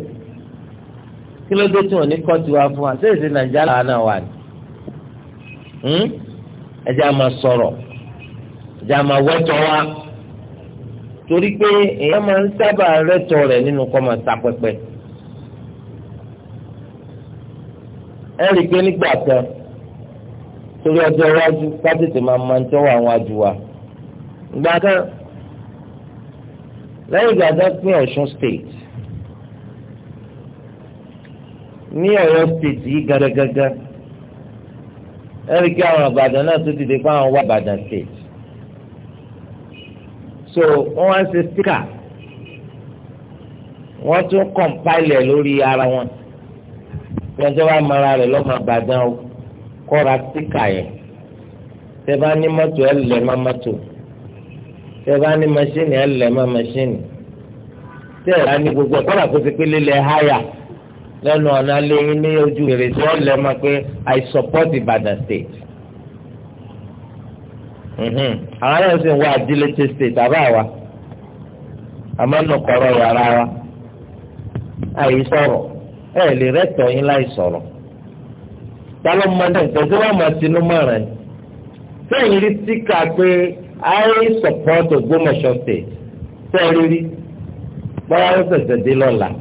kí ló dé tí wọ́n ní kọ́ tiwa fún wa ṣé èsì nàìjíríà náà wà ní hmm? ẹjẹ a máa sọ̀rọ̀ ẹjẹ a máa wẹtọ wa torí pé èèyàn máa ń sábà rẹtọ rẹ nínú kọ́ máa ta pẹpẹ ẹ rí i pé nígbà kan torí ọjọ́ iwájú ká máa máa ń tọ́wọ́ àwọn àjùwà ìgbà kan lẹ́yìn ìgbà tó pín Ọ̀ṣun state ní Ọ̀yọ́ state yìí gàdàgàdà ẹ̀rí kí àwọn àbàdàn náà tó dìde pé àwọn wá àbàdàn state so wọ́n wá ṣe sticker wọ́n tún compile lórí ara wọn wọ́n tó bá mara rẹ̀ lọ́mọ àbàdàn o kọ́ra sticker yẹn tẹ́ bá ní mọ́tò ẹ̀ lẹ́ má mọ́tò tẹ́ bá ní mọ́ṣíìnì ẹ̀ lẹ́ má mọ́ṣíìnì tẹ́ ẹ̀ bá ní gbogbo ẹ̀ kọ́ra kó ti pé lílẹ̀ háyà. lẹ́nu ọ̀nà lẹ́yìn ní ojú fèrèsé ọ̀lẹ́ ma pé i support Ibadan state. Mhm. àwọn aláwọ̀ sì ń wá state àbá wa àmọ́ yàrá wa àyè sọ̀rọ̀ ẹ̀ lè rẹ́tọ̀ yín láì sọ̀rọ̀ tálọ́ máa tinú sẹ́yìn rí síkà pé i support state sẹ́yìn rí báwa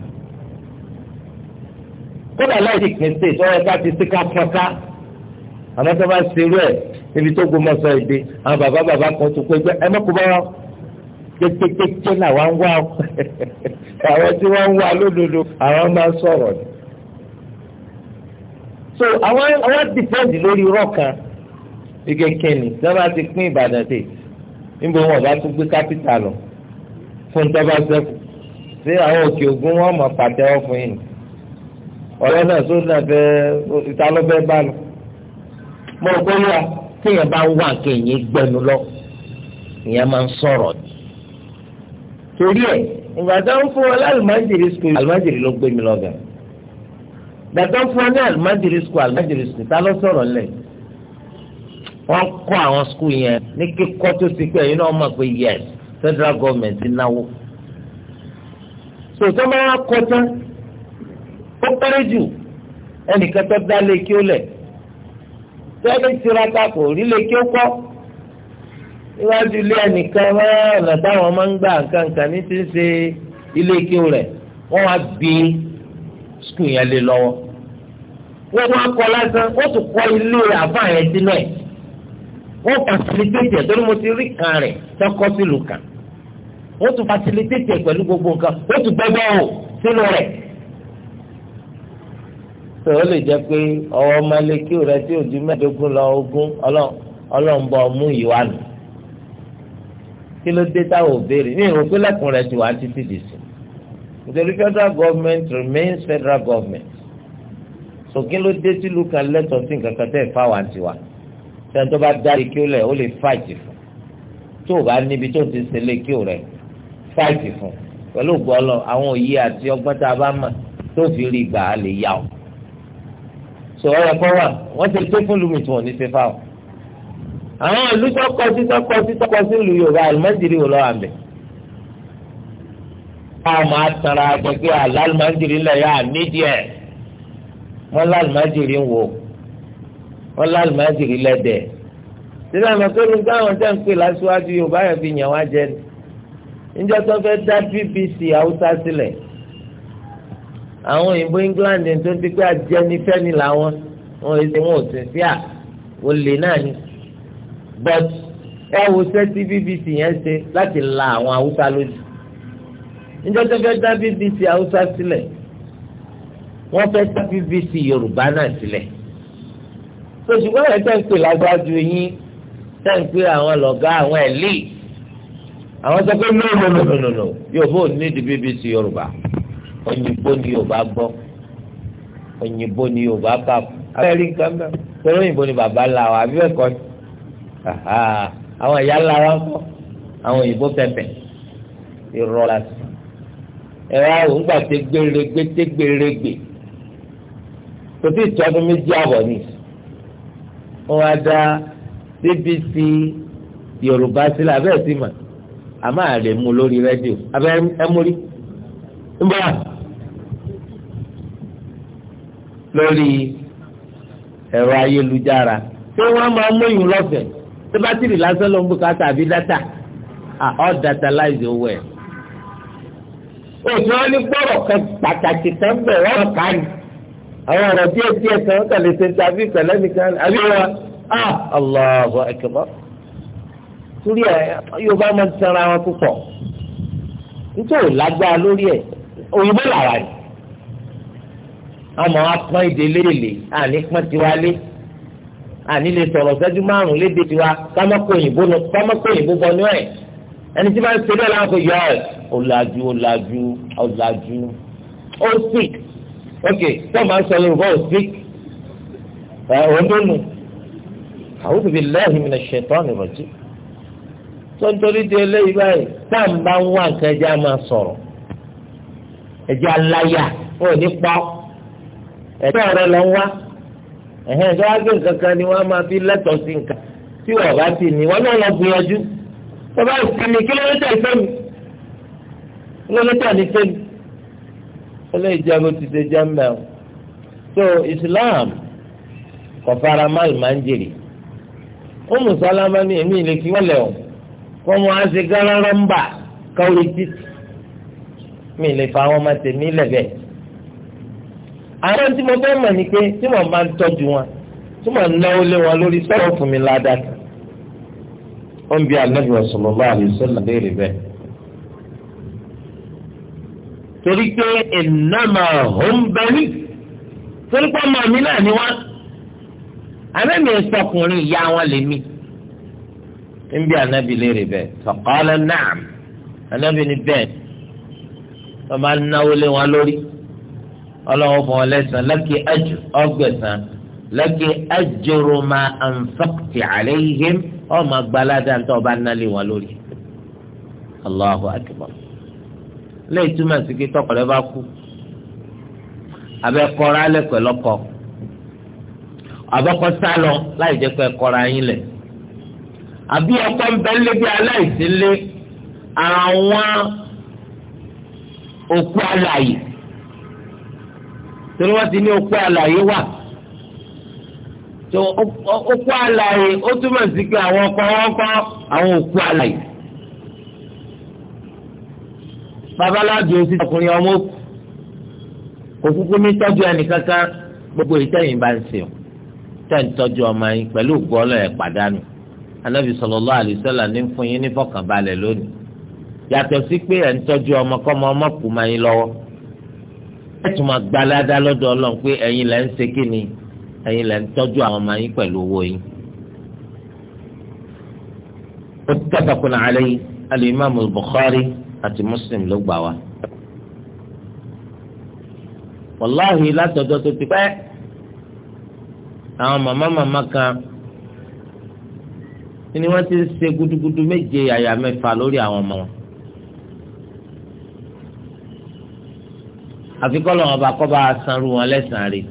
kódà láìsí kìíní ìtọ́wọ́ ẹ̀ka ti síká pọ́nká àmọ́ tó bá ṣe irú ẹ̀ níbi tó gbọmọ sọ èdè àwọn bàbá bàbá kan tó pé ẹ mọ́ kó bá wọn kékékéké làwọn wá ọ àwọn tí wọ́n ń wá lódodo àwọn máa ń sọ̀rọ̀ ni. so àwọn àwọn dìpẹ́ǹdì lórí irọ́ kan ìkẹ̀kẹ́ ni tí wọ́n bá ti pín Ìbàdàn tè níbo wọn bá tún gbé kápítà lọ fún tọ́ba sẹ́kù sí àwọn òkè ògún wọn mọ̀ pàtẹ́wọ́ fún yìí ọ̀rẹ́ náà tó náà fẹ́ ìta ló fẹ́ bá lọ. mo rò pé wà bá wà kéèyàn gbẹnu lọ ìyẹn máa ń sọ̀rọ̀ ni. torí ẹ̀ ìgbà tó ń fún ọ lálùmájìrì skul àlùmájìrì ló gbé mi lọ bẹ̀rẹ̀. ìgbà tó ń fún ọ ní àlùmájìrì skul àlùmájìrì skul ta ló sọ̀rọ̀ lẹ̀. wọ́n kọ́ àwọn skul yẹn ní kíkọ́ tó ti pẹ́ yín náà mọ̀ pé yes federal government náwó. sòtọ́ máa kọ́ ó kéré jù ẹnìkan tó dá lé ó lẹ̀ tẹ́lẹ̀ tiraka kò rí lé ó kọ́ iwájú ilé ẹnìkan ọ̀nà táwọn máa ń gbà nǹkankan ní ti ń ṣe ilé kí ó rẹ̀ wọ́n wá gbé skul yẹn lé lọ́wọ́ wọ́n wá kọ́ lásán wọ́n tún kọ́ ilé àbá yẹn sínú ẹ̀ wọ́n ẹ̀ mo gbogbo nǹkan wọ́n tún gbẹ́gbẹ́ tó o lè jẹ pé ọwọ́ mọ́lẹ́kí rẹ tí òjú mẹ́ẹ̀ẹ́dógún lọ ogún ọlọ́ọ̀bọ mú ìwà nù kí ló dé táwọn òbéèrè ní ìrò pé lẹ́kùn ti wà títí dì sí nítorí federal government remains federal government so kí ló dé sílùú kan lẹ́tọ̀ọ́ sí nǹkan kan tẹ́ ẹ̀ fáwọn àtiwá sẹ́ni tó bá dárí kí ó lẹ̀ ó lè fáìtì fún tó o bá níbi tó ti ṣe kí o rẹ̀ fáìtì fún pẹ̀lú ògbọ́lọ̀ àwọn òye àti ọgbọ́n tá a bá mọ̀ tó fi rí gbà á lè yá o tó ọyọ kọ wà wọ́n ti tó fún lumi tí wọ́n ní ṣe fáwọn. àwọn ìlú tọkọ sí tọkọ sí tọkọ sí ìlú yorùbá àlùmọ́jìrì wò lọ́wọ́ àmì. káwọn máa tanra àgbẹ̀gbẹ́ àlùmọ́jìrì lẹ̀ yá nídìí ẹ̀ wọ́n lálùmọ́jìrì ń wò wọ́n lálùmọ́jìrì lẹ́dẹ̀ẹ́ sílẹ̀ àmọ́ pé ní táwọn tẹ́ ń pè lásìwájú yorùbá yẹn fi yàn wá jẹ níjọ́ tó fẹ́ dá bbc haúsá sílẹ̀ àwọn òyìnbó England tó ń dípẹ́ ajẹnifẹ́ni làwọn wọn èsì wọn ò sì sí à olè náà ni but ẹ wo sẹ́tí BBC yẹn ṣe láti la àwọn haúsá lójú níjọ́ tó fẹ́ dá BBC haúsá sílẹ̀ wọ́n fẹ́ dá BBC Yorùbá náà sílẹ̀ sọ̀tùgbọ́n ẹ̀ tẹ́ ń pè lágbájú yín tẹ́ ń pè àwọn lọ́gá àwọn ẹ̀lí àwọn sọ pé no no no no no yóò fóònù ní di BBC Yorùbá òyìnbó ni yorùbá gbọ́ òyìnbó ni yorùbá bá kú abẹ́rẹ́ nǹkan bẹ́ẹ̀ pẹ̀lú òyìnbó ni bàbá la wa àbí bẹ́ẹ̀ kọ́ àwọn ìyá la wa kọ́ àwọn òyìnbó pẹ̀pẹ̀ irọ́ la sí ẹ̀rọ àwọn ògbà tẹ́gbèrègbè tẹ́gbèrègbè kò sí ìtọ́jú méjì àbọ̀ ni wọ́n wá dá BBC yorùbá sílẹ̀ abẹ́ẹ̀ sí mà àmọ́ àlè mú lórí rédíò abẹ́ẹ́ ẹ múrí ń bọ̀ wá lórí ẹ̀rọ ayélujára ṣé wọ́n máa mọ̀yìn lọ́fẹ̀ẹ́ ṣé bátìrì lásán ló ń bùkátà àbí dátà ọ̀ dátà láìsí owó ẹ̀. òṣùwọ̀n ní gbọ́rọ̀ kan pàtàkì kan bẹ̀ wọ́n kà ní àwọn ọ̀rọ̀ díẹ̀ díẹ̀ kan wọ́n kàlẹ́ ṣe tàbí pẹ̀lẹ́ nìkan àbí wọn ah Allahu akbar torí ẹ Yorùbá máa ń tẹnra wọn púpọ̀ nítorí lágbára lórí ẹ òyìnbó làwọn àyè àmọ́ apọ́n èdè léèlè àní pọ́n tiwa lé àní lè sọ̀rọ̀ sẹ́jú márùn-ún léde tiwa kámọ́kòyìnbó bọ́ ní ẹ̀ ẹni tí wọ́n ń ṣe bẹ́ẹ̀ láwọn kò yọ ẹ̀ ọ̀làjú ọ̀làjú ọ̀làjú ó sick ok tó máa ń sọ yorùbá ó sick ẹ̀ ọ̀dọ́nu a'udhu billahi minash shaitani rajim tó ń torí di eléyìí báyìí tá ń bá ń wá nǹkan ẹja máa sọ̀rọ̀ ẹja láyà ó ní pọ́ọ́ ẹ̀tọ́ rẹ lọ wá ẹ̀hẹ́n tó wá gbé nǹkan kan ni wọ́n máa fi lẹ́tọ̀ọ́ sí nǹkan tí wọ́n bá ti ní wọ́n náà lọ gbìyànjú tó bá ti ní kílómítà ìfẹ́ mi kílómítà ní fẹ́ mi ó lè jẹ́ ti ṣe jẹ́ mẹ́rin so Islam kò fara má ìmáǹjèrè ó mùsàlámà ní èmi ìlè kí wọ́n lẹ̀ ọ́ kó wọn á ṣe gánran rọ́mbà káwé títì mi ìlè fa àwọn ọmọ tèmi lẹ̀ bẹ́ẹ̀. àwọn tí mo fẹ́ mọ̀ ni pé tí mo máa ń tọ́jú wọn tí mo náwó lé wọn lórí fún mi ládàá bi Ànábì sallallahu alaihi léèrè bẹ́ẹ̀ torí pé innama hum bani torí pé ọmọ mi náà ni wọ́n àbẹ́mi sọkùnrin ìyá wọn lè mí ń bi Ànábì léèrè bẹ́ẹ̀ faqala ni ọlọ́wọ́ bọ̀ lẹ́sàn lẹ́kì ọgbẹ̀sán lẹ́kì ẹ̀jùrù ànfọ́kìtì àlẹ́yìn ọmọ gbalada ń ọba nálẹ̀ wọn lórí. Allahu akbar. lẹ́yìn túmọ̀ sí kí tọkọ̀lẹ́ bá kú abẹ́ alẹ́ pẹ̀lú ọkọ sálọ láì jẹ́ pé yín lẹ̀ àbí ń bẹ́ àwọn òkú aláyè. torí wọ́n ti ní okó àlàyé wà tó okó àlàyé ó túmọ̀ sí pé àwọn ọkọ wọn kọ́ àwọn okó àlàyé babaláàdùn sí ọkùnrin ọmọ òkùnkùn ní tọ́jú ẹnìkankan gbogbo ìtẹ̀yìn bá ń ṣe o tẹ̀yìn tọ́jú ọmọ yín pẹ̀lú gbọ́lọ̀ ẹ̀ pàdánù anábì sallallahu alaihi wasallam ní fún yín ní fọkànbalẹ̀ lónìí yàtọ̀ sí pé ẹ̀ ń tọ́jú ọmọ kọ́mọ ọmọkùnrin yín lọ́wọ́ ẹ tún máa gbalada lọ́dọ̀ Ọlọ́run pé ẹ̀yin lẹ ń ṣe kíni ẹ̀yin lẹ ń tọ́jú àwọn ọmọ yín pẹ̀lú owó yín. ó tẹ́tàkùn àlẹ́ alimami Bukhari àti Muslim ló gbà wá. wàláhì látọjọ́ tó ti pẹ́ àwọn màmá màmá kan ni wọ́n ti ṣe gudugudu méje àyà mẹ́fà lórí àwọn ọmọ wọn. àfi kọ́ lọ́wọ́ bá kọ́ bá a sanru wọn lẹ́sàn-án rè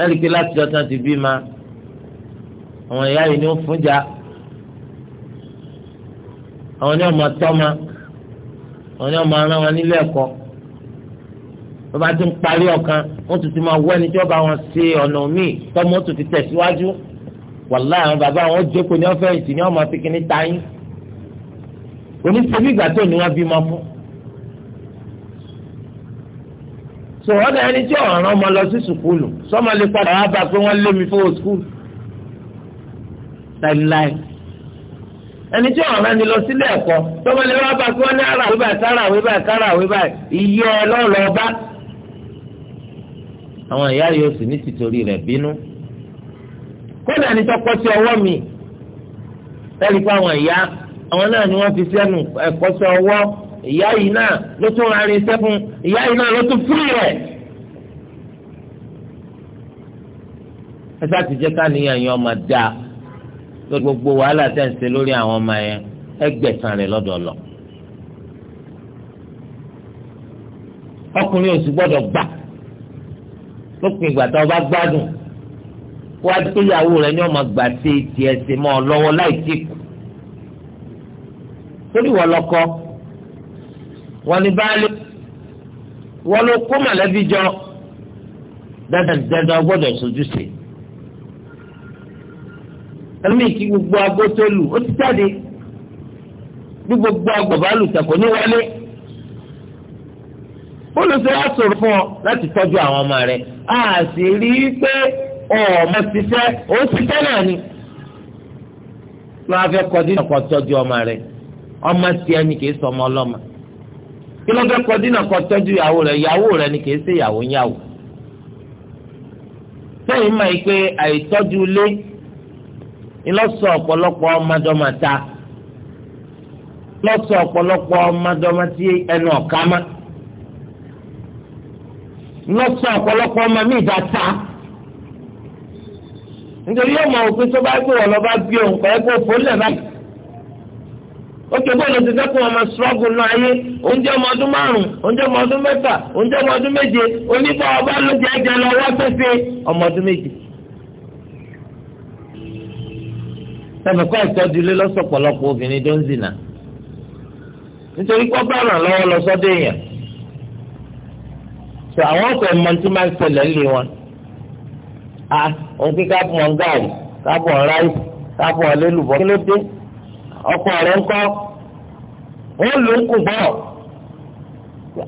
ẹ̀rí pé láti ọ̀tàn ti bí ma àwọn ìyá yìí ni ó fún jà àwọn ní ọmọ tọ́mọ àwọn ní ọmọ aràn wọn nílé ẹ̀kọ́ bàbá tó ń parí ọ̀kan wọ́n tún ti máa wọ́ ẹni tí wọ́n bá wọn ṣe ọ̀nà míì tọ́mọ tó ti tẹ̀síwájú wàlá àwọn bàbá wọn jókòó ní ọ́fẹ́ǹsì ní ọmọ fi kíní ta yín oníṣẹ́ bí ìgbà tó ní wọ́n bí ma fún sọ̀rọ̀ náà ẹni tí ọ̀ràn ọmọ lọ sí sùkúlù sọ́mọ lè padà wá bá pé wọ́n lé mi fowó sùkúlù láìláì ẹni tí ọ̀ràn ni lọ sílé ẹ̀kọ́ sọ́mọ lè wá bá pé wọ́n ní àràwé báyìí káràwé báyìí káràwé báyìí iye ọlọ́ọ̀lọ́ bá. àwọn ìyá yóò sì ní tìtorí rẹ̀ bínú kódà ní tọkọ sí ọwọ́ mi tẹ́lifí àwọn ìyá àwọn náà ni wọ́n fi sẹ́nu ẹ̀kọ́ sí ọwọ́ ìyá yìí náà ló tún rárín sẹ́fún ìyá yìí náà ló tún fún rẹ̀. ẹ sáà ti jẹ́ káníyàn yẹn ọmọ dáa lórí gbogbo wàhálà tẹ̀ ń ṣe lórí àwọn ọmọ yẹn ẹ gbẹ̀san rẹ̀ lọ́dọ̀ lọ. ọkùnrin oṣù gbọ́dọ̀ gbà lópin ìgbà tó o bá gbádùn kó a tó ìyàwó rẹ̀ ní ọmọ gbà ṣe tiẹ̀ ṣe mọ́ ọ lọ́wọ́ láì tí kù. torí wọ́n lọ́kọ́ wọ́n ní baálé wọ́n ló kó mọ̀lẹ́bí jọ dandan dandan gbọ́dọ̀ sojú sí ẹlẹ́mìí kí gbogbo agbó tó lù ó ti jáde bí gbogbo agbó bá lù ní wọlé olùsọ wa sọ̀rọ̀ fún ọ láti tọ́jú àwọn ọmọ rẹ̀ a sì rí i pé ọmọ ti fẹ́ ó ti fẹ́ náà ni lọ́wọ́ fẹ́ kọjú ọkọ̀ tọ́jú ọmọ rẹ̀ ọmọ tiẹ̀ ni kì í sọ ọmọ ọlọ́mọ. kí ló fẹ́ kọ dínà kọ tọ́jú ìyàwó rẹ̀ ìyàwó rẹ̀ ni kìí ṣe ìyàwó yàwó. sẹ́yìn máa yí pé àìtọ́jú ilé ńlọ́sọ̀ ọ̀pọ̀lọpọ̀ ọmọdọ́mọta ọ̀pọ̀lọpọ̀ ọmọdọ́mọtí ẹnu ọ̀ká ọ̀pọ̀lọpọ̀ ọmọ mi ìdá ta nítorí òfin tó bá gbé lọ bá gbé ó ké bọ́ọ̀lù ti fẹ́ kó ọmọ sọ́ọ̀gù náà ayé oúnjẹ ọmọ ọdún márùn oúnjẹ ọmọ ọdún mẹ́fà oúnjẹ ọmọ ọdún méje onígbà ọba ló jẹ ẹjẹ lọ wá pèsè ọmọ ọdún méje. sẹ́mi kọ́ ìtọ́jú ilé lọ́sọ̀pọ̀lọpọ̀ obìnrin tó ń zìnà nítorí kọ́ bá ràn lọ́wọ́ lọ sọ́dọ̀ èèyàn sọ àwọn ọ̀pọ̀ ẹ̀mọ́ tí máa ń ṣẹlẹ̀ ńlẹ̀ wọn. a òun kí ká bọ̀ ń gàrí ká bọ̀ ń ráì ká bọ̀ ń lélùbọ̀ kí ló dé ọkọ rẹ̀ ńkọ́ ó ló ń kù bọ̀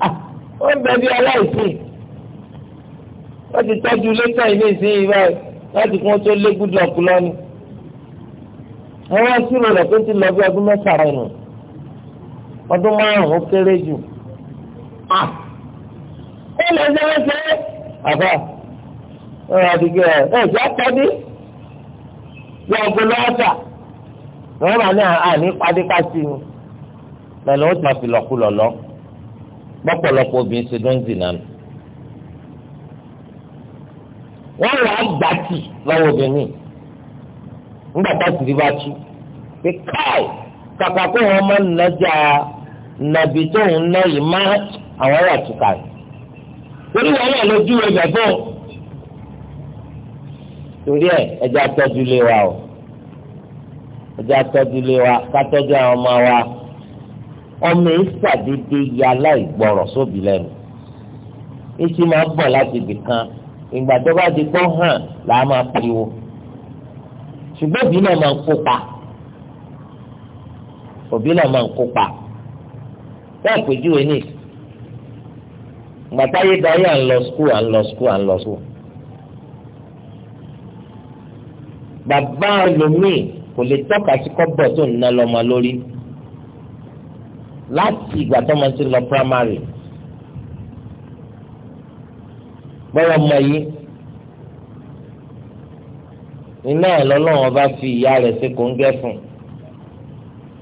ah, ó ń bẹ̀bí aláìsí ó ti tọ́jú létà ilé ìsinyìí báyìí láti kí wọ́n tó lé gúdọ̀kú lọ́nu àwọn àṣírò rẹ̀ tó ti lọ bí ọdún mẹ́ta rẹ̀ nù ọdún márùn-ún kéré jù ah, ó lè ṣe é ṣe é àbá ó yà á di kí ẹ ẹ ṣe àtàdé yọ ọgbọ́n lọ́wọ́ wọ́n bá ní àní pàdé ká sí i pẹ̀lú ó ti máa fi lọ́kù lọ́lọ́ gbọ́pọ̀lọpọ̀ obìnrin ṣe ló ń zìnà nù. wọ́n lọ gbà tì lọ́wọ́ obìnrin nígbà tá a sì rí bá tú pé káì kàkà kó wọn máa ń nájà nàbì tó ń ná yìí má àwọn wà túkà yìí. torí wọn náà lójú ẹgbẹ́ fún torí ẹ ẹja tọ́jú lé wa o ẹjẹ́ atọ́jú lé wa kátọ́jú àwọn ọmọ wa ọmọ ìsàdédé ya láìgbọ́rọ̀ sóbì lẹ́nu ìsì máa bọ̀ láti ibì kan ìgbà tó bá di pọ́ hàn là á máa pariwo ṣùgbọ́n òbí náà máa ń kópa òbí náà máa ń kópa bẹ́ẹ̀ pèjúwe ní ìgbà táyé dayé à ń lọ skul à ń lọ skul à ń lọ skul bàbá ẹlòmíì kò lè tọ́ka sí kọ́bọ̀ tó ń ná lọ́mọ lórí láti ìgbà tó máa ti lọ primary bọ́lá ọmọ yìí iná ẹ̀ lọ́lọ́wọ́n bá fi ìyá rẹ̀ ṣe kò ń gẹ́ fún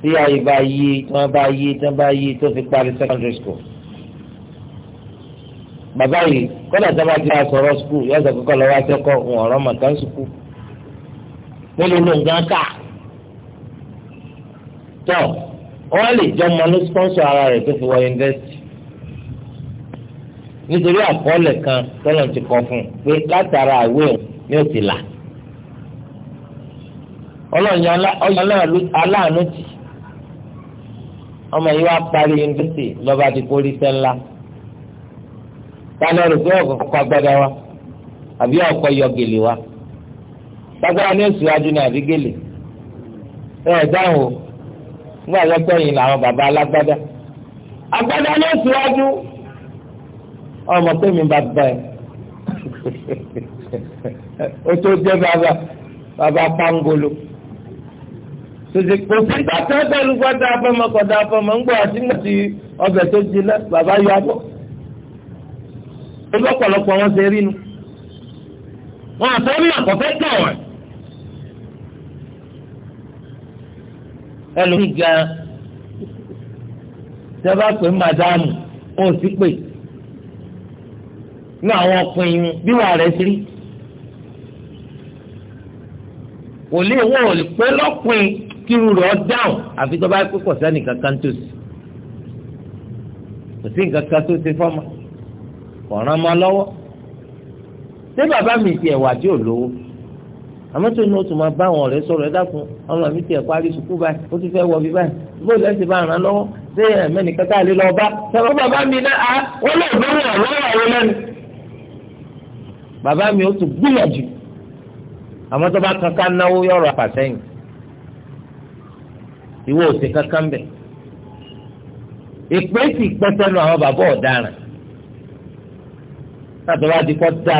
tí ayé bá yí tí wọ́n bá yí tí wọ́n bá yí tó fi parí secondary school bàbá yìí kọ́dà tí wọ́n bá ti bá sọ̀rọ̀ school yọ̀ọ́sọ̀ kọ́kọ́ lọ́wọ́ akẹ́kọ̀ọ́ ọ̀rọ̀ mọ̀ká sùkú mélòó ló ń gán tọ́ wọ́n lè jọ ọmọ ló sponsor ara rẹ̀ tó fi wọ yunifásitì nítorí àkọọ́lẹ̀ kan tọ́lọ̀ ti kọ fún un pé látara àwẹ̀ ni ó ti là ọlọ́ọ̀ni aláàánú tì ọmọ yìí wá parí yunifásitì lọ́ba ti kórí sẹ́ńlá tani ọ̀rọ̀ pé ọ̀kọ̀ kọ́ agbada wa àbí ọ̀kọ̀ yọ gèlè wa gbàgbọ́ ni ó sì àbí gèlè ẹ̀ dáhùn o nígbà lọ́gbọ́n yìí làwọn bàbá alágbádá agbádá ló síwájú ọmọ pé mi bá bá ẹ o tó jẹ bàbá bàbá pangolo tòsí kò sí gbàtà pẹ̀lú gbàtà afọmọ kọ̀dà afọmọ ńgbọ́ àti ńgbàtì ọbẹ̀ tó jiná bàbá yọ abọ́ ó lọ́pọ̀lọpọ̀ wọn ṣe rí nu wọn àtọ́ ní àkọ́fẹ́ kàn wọ́n. ẹlòmíì gan sábà pé màdámù ó sì pè ní àwọn ọkùnrin bí wàá rẹ̀ sí rí kò lè wọ́n ò lè pé lọ́kùnrin kí irú rẹ̀ ọ́ dáhùn àfi tó bá pé kò sẹ́ni kankan tó sí kò sí nǹkan kan tó ṣe fọ́mọ kò ràn mọ́ ṣé bàbá mi ti ẹ̀wà tí ò lówó àmọ́ tó ní o tún máa bá àwọn ọ̀rẹ́ sọ̀rọ̀ ẹ dákun ọmọ mi tiẹ̀ parí sùkúù báyìí ó ti fẹ́ wọ bí báyìí bó ti bá ràn lọ́wọ́ ṣé ẹ̀mẹ́ nìkan tá a lè lọ bá ṣàkó bàbá mi náà wọ́n lè gbé wọn lọ́wọ́ àwọn lẹ́nu. bàbá mi ó tún gbìyànjú àmọ́ tó bá kankan náwó yọ̀rọ̀ àpàtẹ́yìn ìwọ òsè kankan bẹ̀. ìpè sì pẹ́sẹ́nu àwọn bàbá ọ̀daràn látọ̀ wá di kọ́ da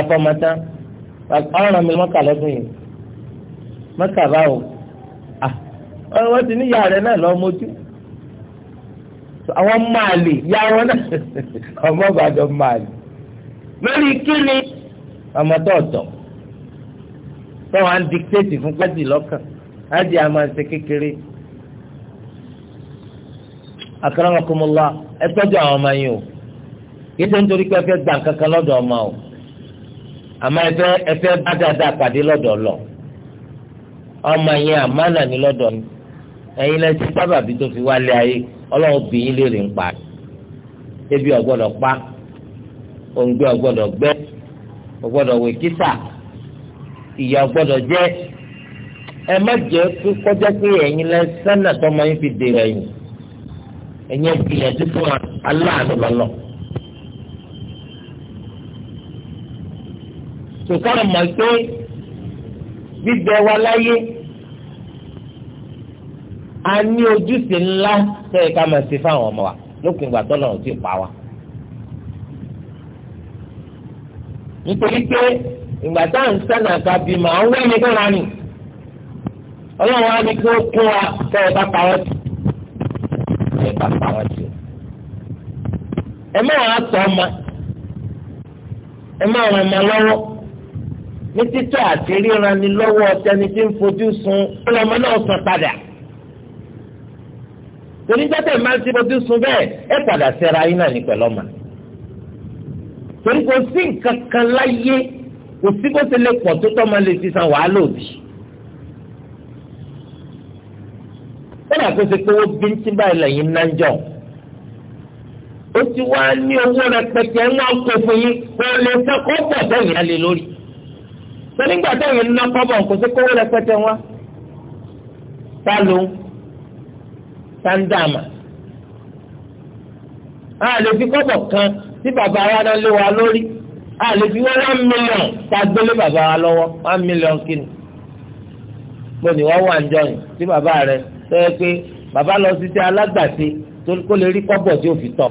ọ̀ràn mi mọ́kà yìí mẹ́kà báwo wọ́n ti ní ìyá rẹ̀ náà lọ́ọ́ mójú àwọn ya wọn náà ọmọ ìbàdàn máa lórí kíni ọmọ tó wọn á dikéètì fún pẹ́ẹ́tì lọ́kàn á àmọ́ ẹsẹ̀ kékeré àwọn ọmọ yín o ṣe nítorí pé ẹ ọmọ yẹn àmánà ní lọ́dọ̀ ni ẹ̀yin lẹ ti sábàbí tó fi wálé ayé ọlọ́run bí yín léèrè pa ebi ọ̀gbọ́dọ̀ pa òǹgbẹ ọ̀gbọ́dọ̀ gbẹ ọ̀gbọ́dọ̀ wẹ̀ kísà ìyà ọ̀gbọ́dọ̀ jẹ ẹ má jẹ́ pé kọjá pé ẹ̀yin lẹ sánà tọmọ yín fi dèrò ẹ̀yìn ẹ̀yin ẹ fún wa aláàánú lọ́lọ́. tòkàrọ̀ mọ̀ pé. gbígbẹ wa láyé a ní ojúṣe ńlá sẹ́yìn ká máa ṣe fáwọn ọmọ wa lókun ìgbà tó pa wa. nítorí pé ìgbà tá à ń sànà ká ń wẹ́ni kọ́ra ni ọlọ́run á ní kí ó kún wa sẹ́yìn ma lọ́wọ́. ní títọ́ àti ríran ni lọ́wọ́ ọ̀tẹ́ni tí ń fojú sun ọlọ́mọ náà san padà. torí gbọ́dọ̀ máa ti fojú sun bẹ́ẹ̀ ẹ padà sẹ́ra yín náà ní pẹ̀lú ọmọ. torí kò sí nǹkan kan láyé kò sí bó ṣe lè pọ̀ tó tọ́ máa lè ti san wàhálà òbí. kódà kó ṣe pé ó bí ń báyìí lẹ́yìn náà jọ ó ti wá ní owó rẹpẹtẹ ń wá kó fún yín kó lè fẹ́ kó pọ̀ tẹ̀yìn á lórí sẹ́nìgbà táwọn ńlá kọ́bọ̀ kò sí kówó rẹpẹtẹ wọn ta ló ń ta ń dàmà a lè fi kọ́bọ̀ kan tí bàbá wa náà lé wa lórí a lè fi wọ́n one million ta gbélé bàbá wa lọ́wọ́ one million kìnnì lónìí wọ́n wà ń jọyìn tí bàbá rẹ̀ sọ́yẹ́ pé bàbá lọ sí ti alágbàtì kó lè rí kọ́bọ̀ tí ó fi tọ̀.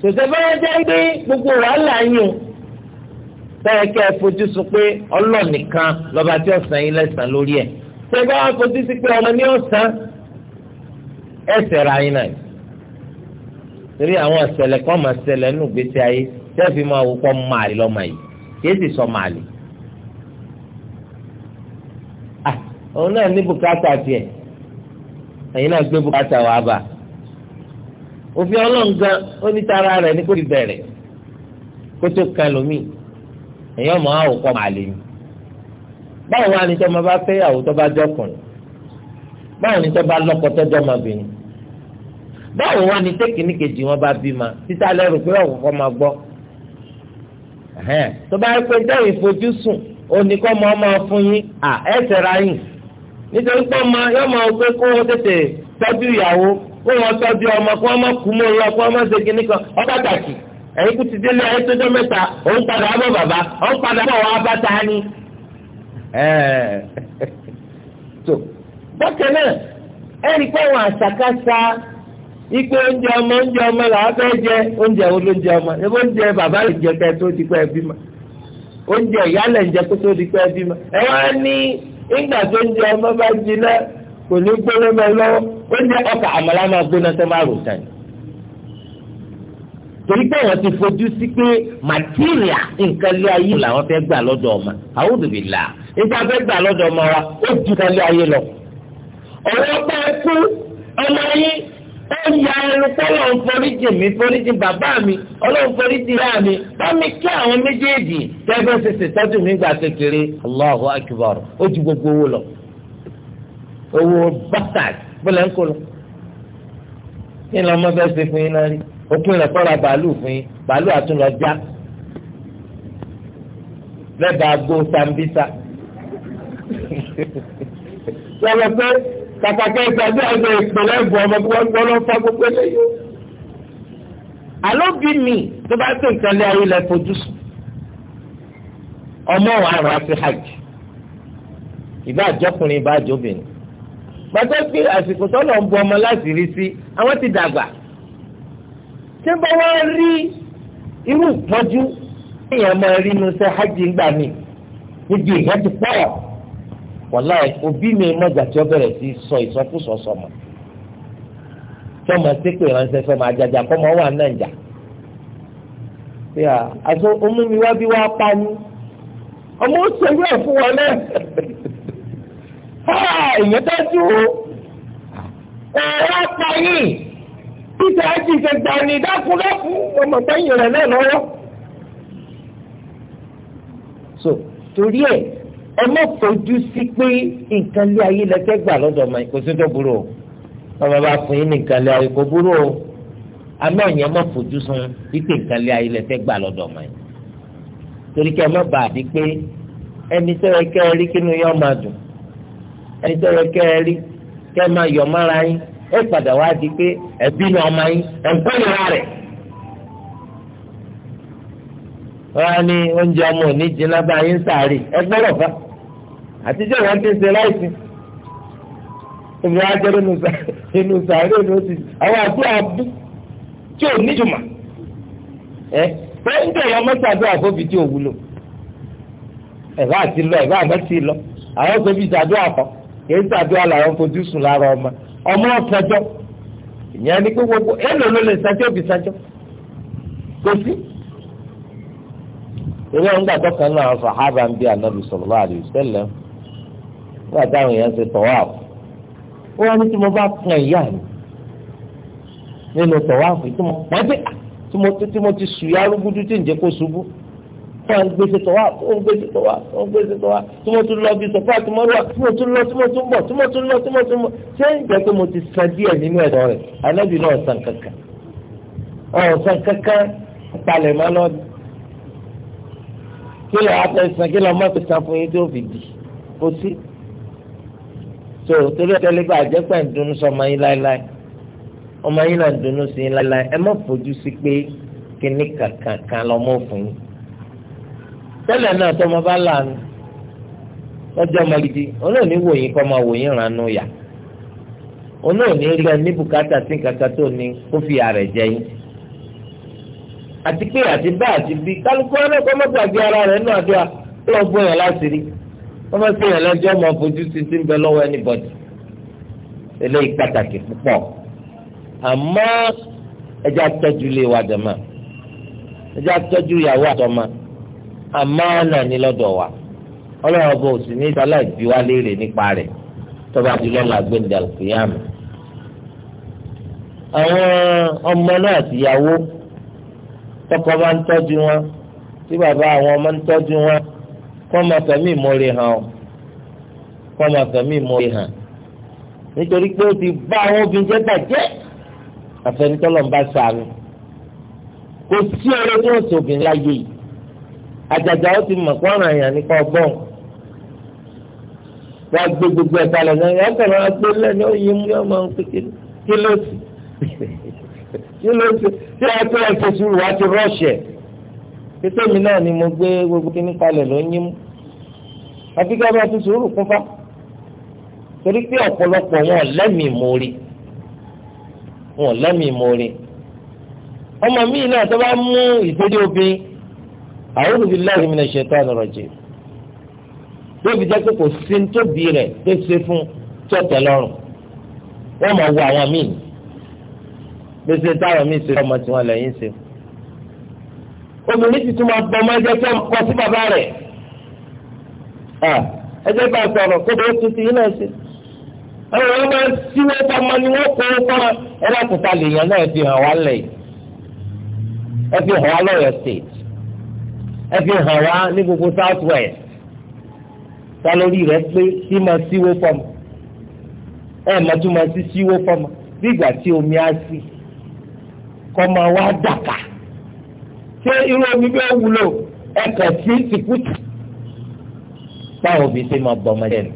sòtẹ́ bá wọ́n jẹ́ pé gbogbo wàhálà yín o sẹ́yẹ kẹ́ ẹ fojú sùn pé Ọlọ́run nìkan lọ́ba tí ọ̀sán yín lẹ́sàn lórí ẹ̀ ṣé bá wàá fojú sí pé ọmọ ní ọ̀sán ẹsẹ̀ ra yín náà torí àwọn ọ̀sẹ̀lẹ̀ kan máa ṣẹlẹ̀ nínú gbèsè ayé tẹ́ẹ̀fì máa wò pọ́ màálì lọ́mọ yìí kìí sì sọ màálì. òun náà ní bùkátà tiẹ̀ ẹ̀yin náà gbé bùkátà wàá bà òfin Ọlọ́run gan ó ní tara rẹ̀ ní kó ti bẹ̀rẹ̀ kó tó kan lómìn èèyàn mọ àwòkọ màlẹ ni báwo wá ni tó máa bá fẹ́ ìyàwó tó bá jọkùnrin báwo ni tó bá lọ́kọ tó jọ ọmọbìnrin báwo wá ni tẹkìní kejì wọn bá bímọ títà lẹ́rù pé ọ̀kọ̀ọ̀kọ̀ máa gbọ́ tó bá rí pé dẹ́rù ìfojúsùn oníkọ́ mọ́ ọmọ fún yín à ẹ̀ tẹ̀ra yín nítorí pé ọmọ yóò máa wọ pé kó wọ́n tètè tọ́jú ìyàwó kó wọ́n tọ́jú ọmọ kó wọ́n má kú mọ́ ìyá kó wọ́n má ṣe kinní kan ọ́ pàtàkì. ẹ̀yin kú ti délé ẹ̀yin tó padà bàbá òun padà bọ̀ wá bá ta ni. bákan náà pé ikpe oúnjẹ ọmọ oúnjẹ ọmọ làwọn fẹ́ jẹ oúnjẹ wo ló ń jẹ ọmọ ẹgbẹ́ bàbá lè ma oúnjẹ ìyá lè jẹ kó tó di pẹ́ bí ma ẹ wá ní ìgbà tó ọmọ bá jiná kò ní gbóná oúnjẹ ọkà àmàlà máa gbóná máa rò tán torí pé wọ́n ti fojú sí pé màtíríà nǹkan lé ayé làwọn fẹ́ gbà lọ́dọ̀ ọmọ àwòdùbìlà nígbà fẹ́ gbà lọ́dọ̀ ọmọ wa ó ju nǹkan lé ayé lọ. ọ̀rọ̀ pa ẹkú ọmọ yín ó ya ẹnu pọ́lọ́ foríjì mi foríjì bàbá mi ọlọ́run foríjì yá mi bámi kí àwọn méjèèjì tẹ́gbẹ́ ṣèṣe tọ́jú mi gbà kékeré Allahu akbar ó ju gbogbo owó lọ owó bákàtì bọ́lá ń kó lọ kí ni ọmọ bẹ́ẹ̀ ṣe fún yín náà rí òpin rẹ̀ kọ́ra bàálù fún yín bàálù àtúnlọ́já lẹ́bàá gbó sambisa lọ́wọ́ pé kàkàkẹ́ ìtàgé àgbẹ̀ ìpínlẹ̀ ìbò ọmọ tí wọ́n gbọ́ lọ́wọ́ fún agbègbè lẹ́yìn. àlọ́ bí mi tó bá tó nǹkan lé ayé lẹ́ fojú sùn ọmọ wa rà sí hajj ìbá àjọkùnrin ìbá àjọbìnrin gbàtọ́ pé àsìkò tọ́lọ̀ ń bu ọmọ láti rí sí àwọn ti dàgbà. ṣé bá wá rí irú ìpọ́njú èèyàn máa rí inú sẹ́ hajj ńgbà mi níbi èèyàn ti pọ̀ wàlá òbí mi mọ̀jà tí ó bẹ̀rẹ̀ sí sọ ìsọkúsọ sọmọ tí ọmọ sépè ránṣẹ́ fẹ́ máa jaja kọ́ mọ́ wà náà jà mi wá bí wá pa ni ọmọ òṣèlú ẹ̀ fún wọn ha peter ajì ṣe gbà ní dákúndákú ọmọ gbẹ̀yìn rẹ̀ náà lọ́wọ́. so torí ẹ ẹ má fojú sí pé nǹkan lé ayé lẹkẹ gbà lọ́dọ̀ ọmọ kò sí tó burú o ọmọ bá fún yín ní nǹkan lé ayé kò burú o àmọ́ ẹ̀yẹ́ má fojú sun wípé nǹkan lé ayé lẹkẹ gbà lọ́dọ̀ ọmọ yìí torí kí ẹ má bàa di pé ẹni tó yẹ kẹ́ ẹ rí kínú yọ máa dùn ẹni tó yẹ kẹ́ ẹ rí kẹ́ máa yọ̀ mára yín. ẹ padà wá di pé ẹbí ni ọmọ yín ẹ ọ kórìíra rẹ̀. wọ́n á ní oúnjẹ ọmọ òní jiná bá yín sáré ẹ gbọ́dọ̀ àtijọ́ ìwọ́n ti ń ṣe láìsí. obìnrin ajẹ́ lónìí inú sáré ni àwọn tí ò ẹ pé ń ti lọ bá lọ àwọn sọ kì í fojú sùn lára ọmọ ọmọ ọ̀sẹ̀jọ́ ìyẹn ni pé gbogbo èlò ló lè sájọ́ òbí sájọ́ kò sí. ìwé ń gbàgbọ́ kan náà sàhábà ń bí anábì sallallahu alaihi wasallam nígbà táwọn èèyàn ṣe tọ̀wáàfù ó wá ní tí mo bá kan ìyá mi nínú tọ̀wáàfù tí mo pàdé tí mo ti sùn yá rúgúdú tí ǹjẹ́ kó ṣubú wọn gbèsè tó wá wọn gbèsè tó wá wọn gbèsè tó wá tí mo tún lọ bí sọfà tí mo lọ tí mo tún lọ tí mo tún bọ̀ tí mo tún lọ tí mo tún bọ̀ ṣé ń jẹ́ pé mo ti san díẹ̀ nínú ẹ̀dọ́ rẹ̀ anábì náà san kankan ọ̀sán kankan palẹ̀ mọ́ lọ́dún kí lọ́ọ́ apẹ̀sán kí lọ́ọ́ mọ́tòsán fún yín tí ó fi dì kó sí so torí ẹtẹlẹ bá àjẹpẹ ń dùnnú sọmọ yín láéláé ọmọ yín náà ń dùnnú sí yín láéláé ẹ má fojú sí pé kíní kankan kan lọmọ fún yín tẹ́lẹ̀ náà tó ọmọ bá láàánú lọ́jọ́ ọmọ olóòní wòyìn kọ́ máa wòyìn ìrànú yà olóòní rí ẹ ní bukata sí kankan tó ní kó fi ààrẹ jẹ yín àti pé àti bá àti bí kálukú ọlọ́ọ̀ kọ́ mọ́tò ara rẹ̀ náà dúà láti rí sí ń àmánà ni lọ́dọ̀ wa ọlọ́run ọba òsì ní ìsàlẹ̀ ìbí wa léèrè nípa rẹ̀ tọ́ba ti lọ́la gbẹ̀ndẹ̀ àlùkìyàmù. àwọn ọmọ náà àtìyàwó tọkọ bá ń tọ́jú wọn tí bàbá àwọn ọmọ ń tọ́jú wọn kọ́ máa fẹ̀mí ìmọ̀re hàn ọ́ kọ́ máa fẹ̀mí ìmọ̀re hàn nítorí pé ó ti bá àwọn obìnrin jẹ́ bàjẹ́ àfẹnitọ́lọ́ ń bá sàánú kò sí ọ̀rẹ́ tó ń sọ obìnrin láyé yìí àjàgà ó ti mọ̀ kó ọ̀ràn àyàn nípa ọgbọ́n wọ́n gbé gbogbo ẹ̀ kalẹ̀ náà yọ ọkọ̀ wọn gbé lẹ́ni ó yí mú ọmọ kékeré kí ló sì kí ló sì tí wọ́n tó ẹ̀ tó sùúrù wá ti rọ́ọ̀ṣẹ̀ títí èmi náà ni mo gbé gbogbo kíní kalẹ̀ ló ń yí mú àfi kí ọba ti sùúrù kún fá torí pé ọ̀pọ̀lọpọ̀ wọn lẹ́mìí mórí wọn lẹ́mìí mórí ọmọ mi náà tó bá mú ìdédé obìnrin a'udhu billahi minash shaitani rajim tóbi jẹ́ pé kò sí tóbi rẹ̀ tó ṣe fún tọ́tẹ̀ lọ́rùn wọ́n máa wo àwọn míì gbèsè táwọn míì ṣe ọmọ tí wọ́n lẹ́yìn ṣe. obìnrin ti tún máa bọ́ ọmọ ẹgbẹ́ tó ń kọ sí bàbá rẹ̀ ẹgbẹ́ bá sọ̀rọ̀ kó bẹ́ẹ̀ tún ti yín náà ṣe. àwọn ọmọ máa ń síwọ́ ọmọ ni wọ́n kó fún ọ ẹlẹ́kùnta lèèyàn náà fi hàn wá lẹ̀ ẹ fi hàn wá lọ́yọ̀ state ẹ fi hàn wá ní gbogbo south west salori rẹ pé tí ma síwó fọmọ ẹ ma tún ma sí síwó fọmọ bí ìgbà tí omi á sí kọ́ ma wá dàkà ṣé irú omi bẹ́ẹ̀ wúlò ẹ kà sí tìkútì báwo bí ṣe máa bọ́ ọmọdé nù.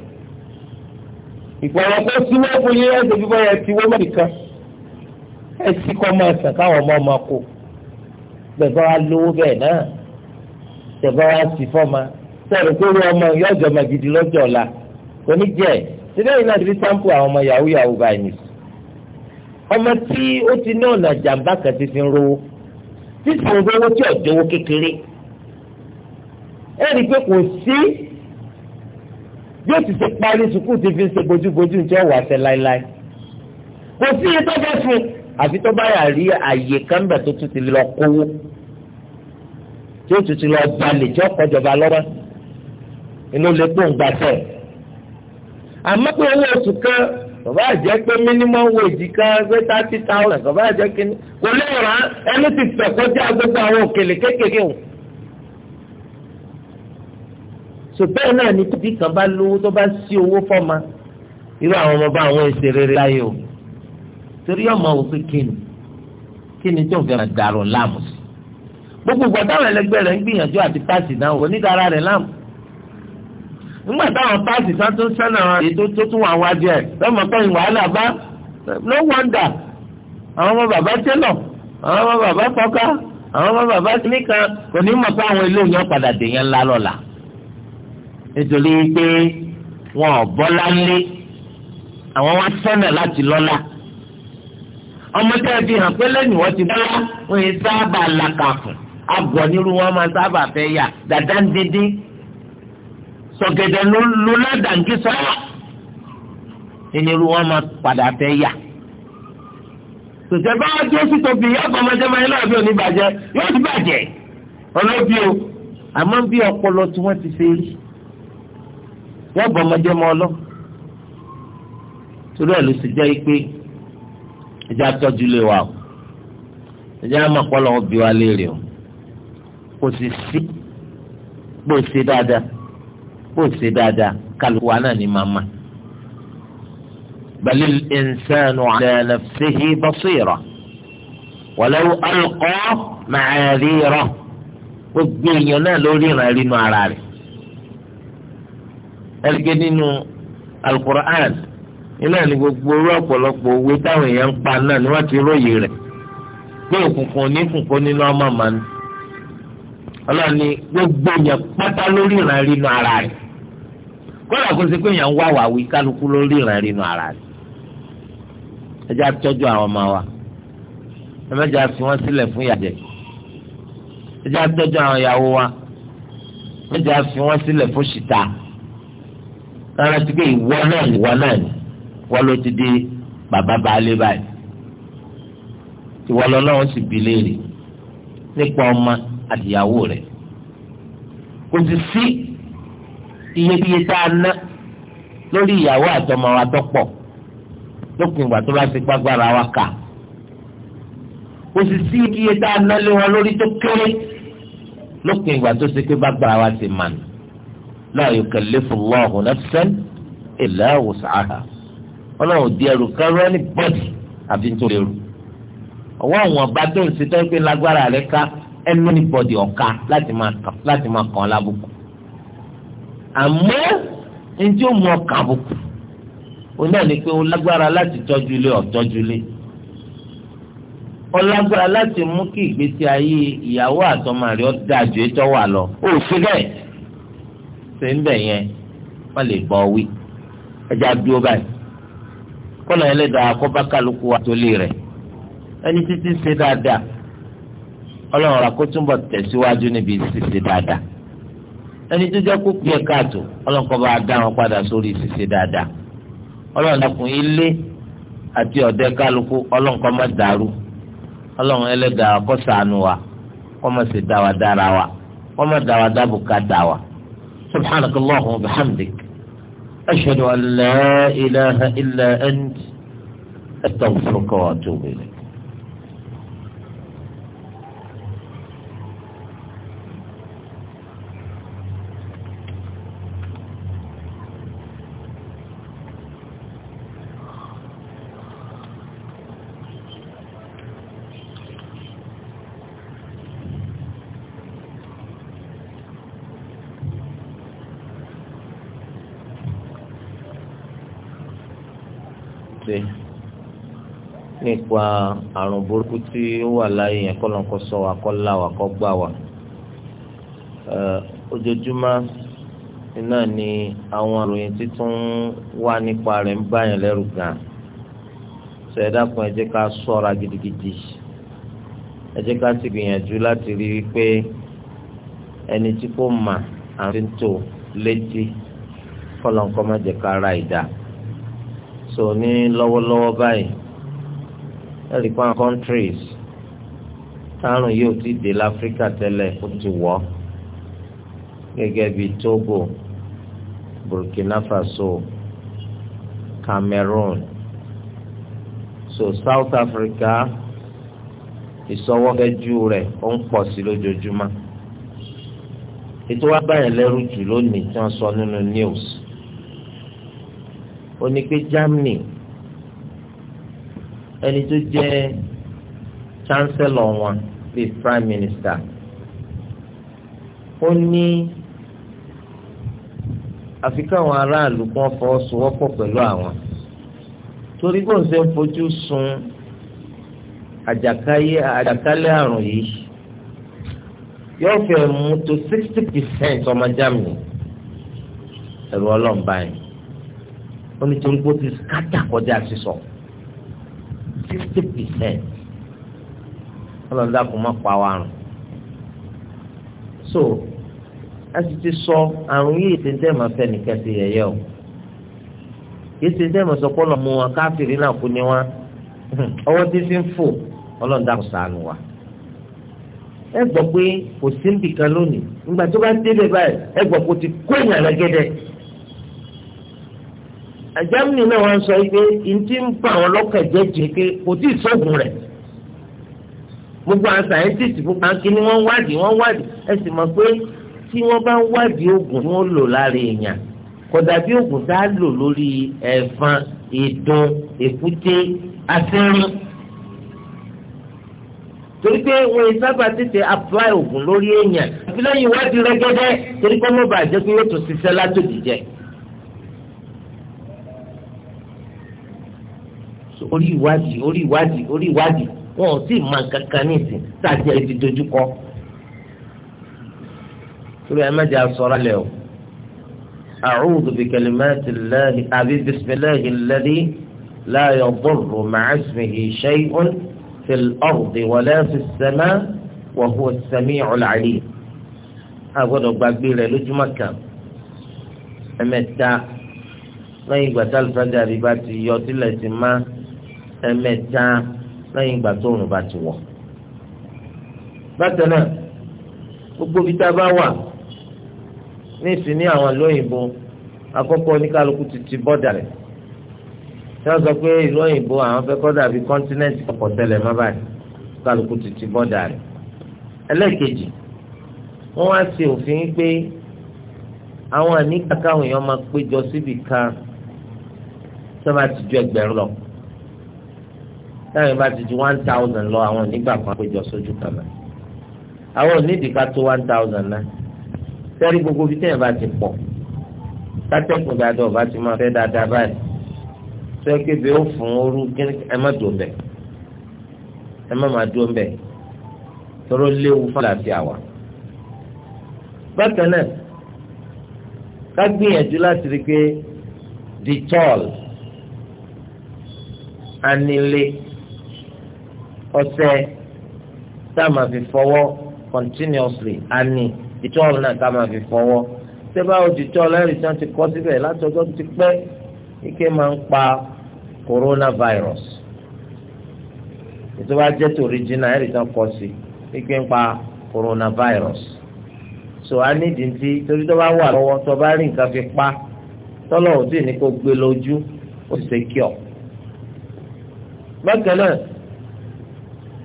ìgbọ̀nwọ́ tó síwó fún yín ẹ̀sẹ̀ bíbọ̀ yẹn ti wó kan ẹ̀ sì kọ́ máa sàn káwọn ọmọ ọmọ kò gbẹ̀gbọ́n á lówó bẹ́ẹ̀ náà tẹ̀bá wá sí fọ́mà sẹ́ẹ̀rù pé wọ́n ọmọ yọjọ́ ọmọ gidi lọ́jọ́ ọ̀la oníjẹ́ síbẹ̀ yìí náà ti fi sáǹpù àwọn ọmọ yahoo yahoo báyìí ọmọ tí ó ti ní ọ̀nà jàǹbá kan ti fi ń rówó tí sì ń rówó tí ọ̀dẹ́wó kékeré ẹ̀rí pé kò sí bí ó ti ṣe parí sùkúù ti fi ń ṣe bójúbójú ní tí ó wà láéláé kò sí iye tó fẹ́ fún àfi tó bá yà rí àyè kan tó tún ti lọ kówó tí o tutù lọ balẹ̀ tí ó kọjọba lọ́wọ́ inú lè tó ń gbàtẹ́ àmọ́ pé owó oṣù kan bàbá àjẹ́ pé minimum wage kan pé thirty thousand bàbá àjẹ́ kínní kò lè rà á ẹni tí fẹ́ kọjá gbogbo àwọn òkèlè kéékèèké o. sọ̀tẹ́ náà ni tìbí kan bá lówó tó bá sí owó fọ́ma irú àwọn ọmọ bá àwọn èsì rere láyé o torí ọmọ wò pé kíni kíni tó ń fẹ́ dàrú láàmùs gbogbo ìgbà táwọn ẹlẹgbẹ́ rẹ̀ ń gbìyànjú àti páàsì náà wò nídàára rẹ̀ láàmú nígbà táwọn páàsì sá tó sẹ́nà ètò tó tún wà wájú ẹ̀ lọ́mọ pé wàhálà bá no wonder àwọn ọmọ bàbá tẹ́lọ̀ àwọn ọmọ bàbá fọ́ká àwọn ọmọ bàbá nìkan kò ní mọ̀ pé àwọn ilé yẹn padà dè yẹn ńlá lọ́la nítorí pé wọn ò bọ́lá lé àwọn wá sẹ́nà láti lọ́la ọmọdé ẹ hàn pé lẹ́yìn wọ́n ti dá wọ́n yẹn sábà làkàkùn agọ̀ nírú wọn máa sábà fẹ́ yà dàda ń dídín sọ̀gẹ̀dẹ̀ ló ládàǹgí sọ́yà nírú wọn máa padà fẹ́ yà. sọ̀tẹ̀ bá dé sítóbi yàgbọ́ ọmọdéma yẹn náà bí òní bàjẹ́ yóò ti bàjẹ́ ọlọ́bí o àmọ́ bí ọpọlọ tí wọ́n ti ṣe rí yàgbọ́ ọmọdéma ọlọ́ torí ẹ̀ ló sì jẹ́ pé ẹja tọ́jú lé wa o ẹja máa pọ́ lọ́wọ́ bí wa léèrè o kò sì sí bó ṣe dáadáa bó ṣe dáadáa kálukú wa náà ni màmá. بل الإنسان على نفسه بصيرة ولو ألقى معاذيره gbogbo èèyàn náà ló ríran القرآن ara rẹ̀ ẹgbẹ́ nínú alukur'an iná ní gbogbo orí ọ̀pọ̀lọpọ̀ òwe táwọn èèyàn ọlọ́run ni gbogbo yẹn pátá lórí ìran rínú ara rẹ̀ kọ́lá kó ṣe pé yẹn ń wá wàwí kálukú lórí ìran rínú ara rẹ̀ ẹ jẹ́ àwọn ọmọ wa ẹ má jẹ́ àfi wọ́n sílẹ̀ fún ìyàjẹ́ ẹ jẹ́ àtọ́jú àwọn ìyàwó wa ẹ má jẹ́ àfi wọ́n sílẹ̀ fún ṣìta rárá ti pé ìwọ náà ìwọ náà ni wọ́n ló ti di bàbá baálé báyìí ìwọ lọ́lọ́run sì bi léèrè nípa ọmọ àtìyàwó rẹ̀ kò sì sí iyebíye tá a ná lórí ìyàwó àtọmọ wa tó pọ̀ lókun ìgbà tó bá ti gbàgbára wa kà kò sì sí iyebíye tá a ná lé wọn lórí tó kéré lókun ìgbà tó ti pé gbàgbára wa ti mànà la yukallifu Allahu nafsan illa wus'aha ọlọ́run di ẹrù kan ní bọ́ọ̀dì àfi nítorí ẹrù ọwọ́ àwọn ọba tó ń ṣe tó ń lágbára rẹ̀ ká anybody ọ̀ka láti máa kàn lábùkù àmọ́ njẹ́ ó mú àbùkù ó náà ní pé ó lágbára láti tọ́jú ilé ọ̀tọ́jú ilé ó lágbára láti mú kí ìgbésí ayé ìyàwó àtọmọ rẹ̀ ó wà lọ ó sì bẹ́ẹ̀ ṣe ń bẹ̀ yẹn wọ́n lè bọ̀ wí ẹja dúró báyìí kọ́nà ẹlẹ́dàá kọ́ bá kálukú wa tó lé rẹ̀ ẹni títí ọlọ́run ra kó túnbọ̀ tẹ̀síwájú níbi ṣíṣe dáadáa ẹni tó jẹ́ kó pẹ́ káàtó ọlọ́run kọ́ bá a dá wọn padà sórí ṣíṣe dáadáa ọlọ́run dákun ilé àti ọ̀dẹ kálukú ọlọ́run kọ́ má dàrú ọlọ́run ẹlẹ́dàá kó ṣàánú wa kó má ṣe dá wa dára wa kó má dá wa dábò ká dá wa subhanaka allahumma wa bihamdik ashhadu an la ilaha illa ant astaghfiruka wa atubu ilayk. nípa àrùn burúkú tí ó wà láyé yẹn kọ́ lọ́nkọ́ sọ wa kọ́ là wa kọ́ gbà wa. ojoojúmọ́ iná ni àwọn àròyìn títún wà nípa rẹ̀ ń bá yẹn lẹ́rù gan. sọ ẹ dákun ẹ jẹ́ ká ṣọ́ra gidigidi ẹ jẹ́ ká sì gbìyànjú láti rí i pé ẹni tí kò mà àti tó létí kọ́ lọ́nkọ́ má jẹ́ ká ra ìdá. sọ ní lọ́wọ́lọ́wọ́ báyìí ẹ̀rí pa countries tárùn yóò ti dé láfíríkà tẹ́lẹ̀ ó ti wọ̀ gẹ́gẹ́ bíi Togo Burkina Faso Cameroon so South Africa ìsọwọ́kẹ́jú rẹ̀ ó ń pọ̀ sí lójoojúmọ́ ètò wa báyìí lẹ́rù jù lónìí tí wọ́n sọ nínú news ó ní pé Germany ẹni tó jẹ́ chancellor wọn bíi prime minister ó ní àfi káwọn aráàlú kan fọwọ́sowọ́pọ̀ pẹ̀lú àwọn torí kò ń ṣe ń fojú sun àjàkálẹ̀ àrùn yìí yóò fẹ́ mú tó sixty percent ọmọ Germany ẹ̀rọ ọlọ́mba yẹn ó ní torí kó ti kátà kọjá sísọ. So sixty percent ọlọ́dà kò má pa wa rùn so a ti sọ àrùn yìí ti ń tẹ́ máa fẹ́ nìkan ti o yìí ti ń tẹ́ sọ pé ọlọ́mọ wọn káfíìrì náà kú ni wọn ọwọ́ tí fi ń fò ọlọ́dà kò sànù wa ẹ gbọ́ pé kò sí lónìí tó bá Germany náà wọ́n sọ pé ntí ń pa àwọn ọlọ́kàn jẹ́jẹ́ pé kò tí ì sọ́gun rẹ̀ gbogbo àwọn scientist gbogbo àwọn kìíní wọ́n wádìí wọ́n wádìí ẹ sì mọ̀ pé tí wọ́n bá ń wádìí oògùn ni wọ́n lò lára èèyàn kò dàbí oògùn tá a lò lórí ẹ̀fọn ìdun èkúté asẹ́rin torí pé wọn ì sábà tètè apply oògùn lórí èèyàn àfi lẹ́yìn ìwádìí rẹ́gẹ́dẹ́ torí pé wọ́n bá jẹ́ yóò tún ṣiṣẹ́ látòdì jẹ́ orí ìwádìí orí ìwádìí orí ìwádìí wọn ò tí ì máa kankan ní ìsìn sáàtì ẹ ti dojú kọ. torí ẹ má jẹ́ asọ́ra lẹ̀ o. أعوذ بكلمات الله أبي بسم الله الذي لا يضر مع اسمه شيء في الأرض ولا في السماء وهو السميع العليم agbọ́dọ̀ gbàgbé rẹ̀ lójúmọ́ kan ẹ̀mẹ́ta lẹ́yìn ìgbà tí alifájà rí bá ti yọ sílẹ̀ sí máa ẹ̀mẹ́ta lẹ́yìn ìgbà tó òrùn bá ti wọ̀. bákan náà gbogbo ibi tá a bá wà ní ìsìn ní àwọn lóyìnbó àkọ́kọ́ oníkálukú ti ti bọ́dà rẹ̀ tí wọ́n sọ pé ìlú òyìnbó àwọn fẹ́ kọ́ dàbí kọ́ńtínẹ́ǹtì ọ̀pọ̀ tẹ́lẹ̀ má báyìí kálukú ti ti bọ́dà rẹ̀ ẹlẹ́ẹ̀kejì wọ́n wá sí òfin pé àwọn àníkà káwọn èèyàn máa péjọ síbi kan tí ti ju ẹgbẹ̀rún lọ táwọn bá ti ju one thousand lọ àwọn onígbà kan péjọ sójú kan náà àwọn onídìíká tó one thousand náà sẹ́rí gbogbo bí tẹ́yìn bá ti pọ̀ látẹ̀kùn dáadáa ọba ti máa fẹ́ dáadáa báyìí tó yẹ kébé ó fún ooru ẹ má dùn bẹ̀ ẹ má má dùn bẹ̀ tọ́rọ léwu fún àlàáfíà wa. bákan náà ká gbìyànjú láti rí i pé the tall anilé Ọsẹ tá a máa fi fọwọ́ continuously a ìtọ́ọ̀lù náà tá a máa fi fọwọ́ tí wọ́n ti kọ́ síbẹ̀ ti pẹ́ ike máa ń pa coronavirus ètò jẹ́ torí jìnnà ẹ̀rì ike ń pa coronavirus so a ní tí torí tó bá wà lọ́wọ́ tó bá rí nǹkan fi pa tọ́lọ̀ ò sì ní kó gbé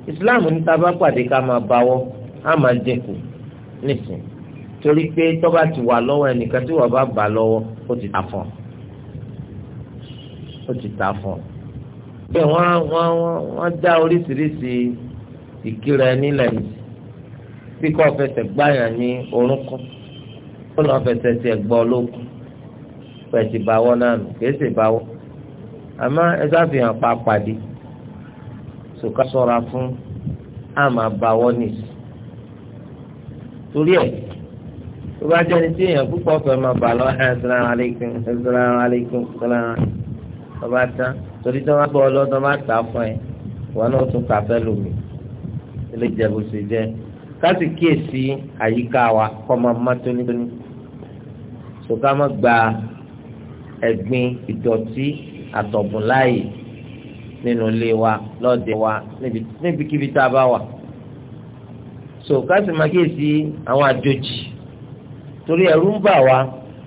islam ní tábà pàdé ká máa báwọ́ á máa dínkù nísìn torí pé tọ́ba ti wà lọ́wọ́ ẹnìkan tí wọ́n bá bà lọ́wọ́ ó ti ta fún ọ ó ti ta fún ọ. bẹ́ẹ̀ wọ́n wọ́n wọ́n dá oríṣiríṣi ìkíra ẹni lẹ́yìn bí kò fẹsẹ̀ gbáyàn ní orúnkún ó lọ́ọ́ fẹsẹ̀ tiẹ̀ gbọ́ lókun pẹ̀sì báwọ́ náà nù kìí báwọ́ àmọ́ ẹ sáfihàn pa pàdé sòkà sọra fún àmà báwọ́ nìyí torí ẹ̀ tó bá jẹ́ni tí èèyàn púpọ̀ fẹ́ máa bà lọ assalamu alaikum assalamu alaikum assalamu alaikum ọba tán torí tí wọ́n bá ọ lọ́dọ̀ máa tà fún ẹ wọn náà tún kà fẹ́ lómi ilé ìjẹ̀bù sì jẹ́ káàsì kíyèsí àyíká wa kọ́ máa má tónítóní sòkà má gba ẹ̀gbin ìdọ̀tí àtọ̀gùn láàyè nínú ilé wa lọ́dẹ wa níbikíbi tá a bá wà. so káàsì máa kíyèsí àwọn àjòjì torí ẹ̀rù ń bà wá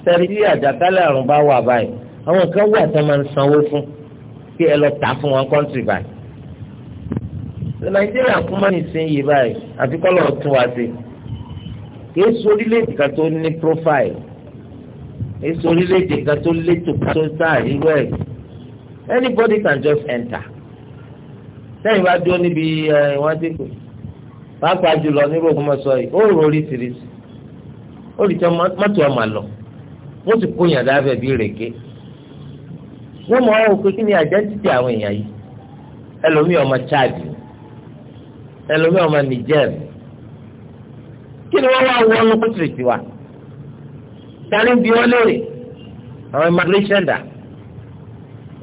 sẹ́rí bí àjàkálẹ̀ àrùn bá wà báyìí àwọn kan wà tó máa ń sanwó fún kí ẹ lọ tà fún wọn kọ́ńtì báyìí. nàìjíríà kún mọ́ nísìnyí báyìí àfi kọ́ lọ́ọ́ tún wá sí kì í sórílẹ̀-èdè kan tó ní profile kì í sórílẹ̀-èdè kan tó létò kan tó sáà rí wẹ́ẹ̀ anybody can just enter sẹ́yìn bá dúró níbi ìwọ́n ti pè pàápàá jùlọ nírú Ògbómọ̀ṣọ́ yìí ó rò oríṣiríṣi ó lè tẹ́ mọ́tò ọmọ lọ wọ́n ti kó yàn dábẹ́ bí rèké wọ́n mọ̀ ọ́ pé kí ni àjẹ́ntìtì àwọn èèyàn yìí ẹlòmíì ọmọ Chad ẹlòmíì ọmọ Niger kí ni wọ́n wá wọnú kùtìrìtì wa tani bí wọ́n léèrè àwọn immigration dà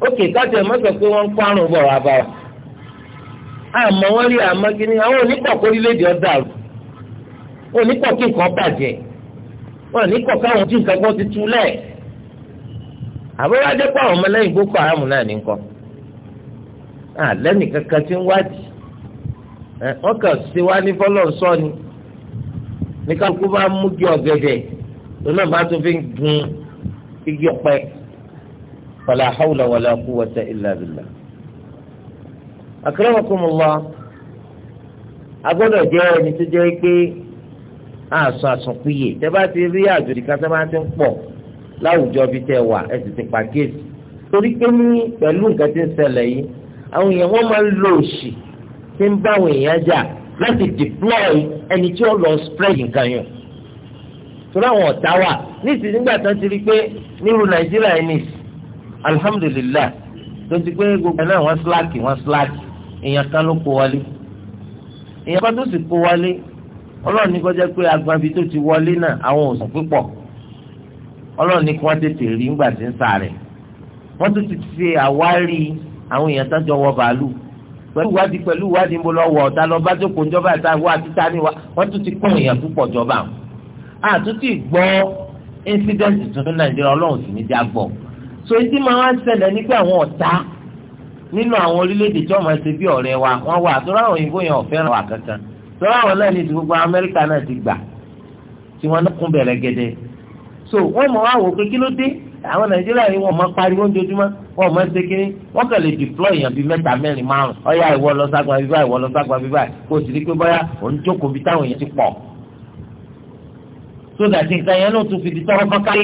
ókè kájọ mọ́tò pé wọ́n ń kó àrùn bọ̀ wá bá wa àmọ́ wọ́n rí àmọ́ kí ni àwọn onípọ̀ kórìlédè ọ̀dà wọn onípọ̀ kí nǹkan bàjẹ́ wọn onípọ̀ káwọn tí nǹkan kan ti tú lẹ̀ àbúrádé pa àwọn ọmọlẹ́yìn Boko Haram náà ní nǹkan àlẹ́nì kankan ti ń wádìí wọ́n kàn sí wa ní fọlọ́nsọ́ ni ní kálukú bá mú gí ọ̀gẹ̀dẹ̀ lónà bá tún fi gun igi ọ̀pẹ فلا حول ولا قوة إلا بالله. أكرمكم الله. أقول jẹ́ ẹni tó سقية. pé àṣọ àṣùnpìyè tẹ́ bá لا rí àjòjì kan tẹ́ bá ti ń pọ̀ láwùjọ bíi tẹ́ wà ẹ sì ti pàkíyèsí torí pé ní pẹ̀lú nǹkan tí ń ṣẹlẹ̀ yìí àwọn èèyàn wọ́n máa ń lo òṣì tí ń bá àwọn èèyàn jà láti deploy ẹni tí ó lọ spread nǹkan yàn torí àwọn ọ̀tá wà nísìsiyìí nígbà tán ti rí pé nílùú nàìjíríà ẹni sí alihamudulilayi tó ti pé gbogbo náà wọ́n síláàkì wọ́n síláàkì èèyàn kan ló kó wọlé èèyàn kan tó sì kó wọlé ọlọ́run ní kọjá pé agbanbi tó ti wọlé náà àwọn òsùn pípọ̀ ọlọ́run ní kí wọ́n tètè rí ńgbà tí ń sàrẹ̀ wọ́n tún ti ṣe àwárí àwọn èèyàn tó jọ wọ bàálù pẹ̀lú ìwádìí pẹ̀lú ìwádìí ń bọ̀ lọ́wọ́ ọ̀tá lọ bá jókòó ìjọba ìta wá títa níwá wọ́n tún ti kún èèyàn púpọ̀ jọba àtúntì gbọ́ incident tuntun nàìjíríà ọlọ́run sì ní já gbọ́ so etí máa wá ṣẹlẹ̀ ní pé àwọn ọ̀tá nínú àwọn orílẹ̀-èdè tí wọ́n máa ṣe bí ọ̀rẹ́ wa wọ́n wà tó ráwọn òyìnbó yẹn ọ̀fẹ́ràn wà kankan tó ráwọn náà ní ti gbogbo Amẹ́ríkà náà ti gbà tí wọ́n kún bẹ̀rẹ̀ gẹ́dẹ́ so wọ́n mọ̀ wá wò pé kí ló dé àwọn Nàìjíríà yìí wọ́n máa pariwo ojoojúmọ́ wọ́n máa ṣe kínní wọ́n kàn lè deploy èèyàn bíi mẹ́ta mẹ́rin márùn ọ̀yà ìwọ lọ ságbà bíbá ìwọ lọ ságbà bíbá kó o sì rí pé bóyá òun jókòó bíi táwọn èèyàn ti pọ̀ so that nǹkan yẹn náà tún fi di tọ́wọ́ bọ́kárí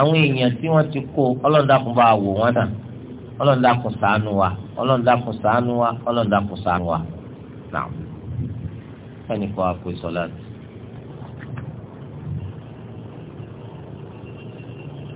àwọn èèyàn tí wọ́n ti kó ọlọ́ọ̀dàkùn bá wò wọ́n náà ọlọ́ọ̀dàkùn ṣàánú wa ọlọ́ọ̀dàkùn ṣàánú wa ọlọ́ọ̀dàkùn ṣàánú wa náà ẹnì kan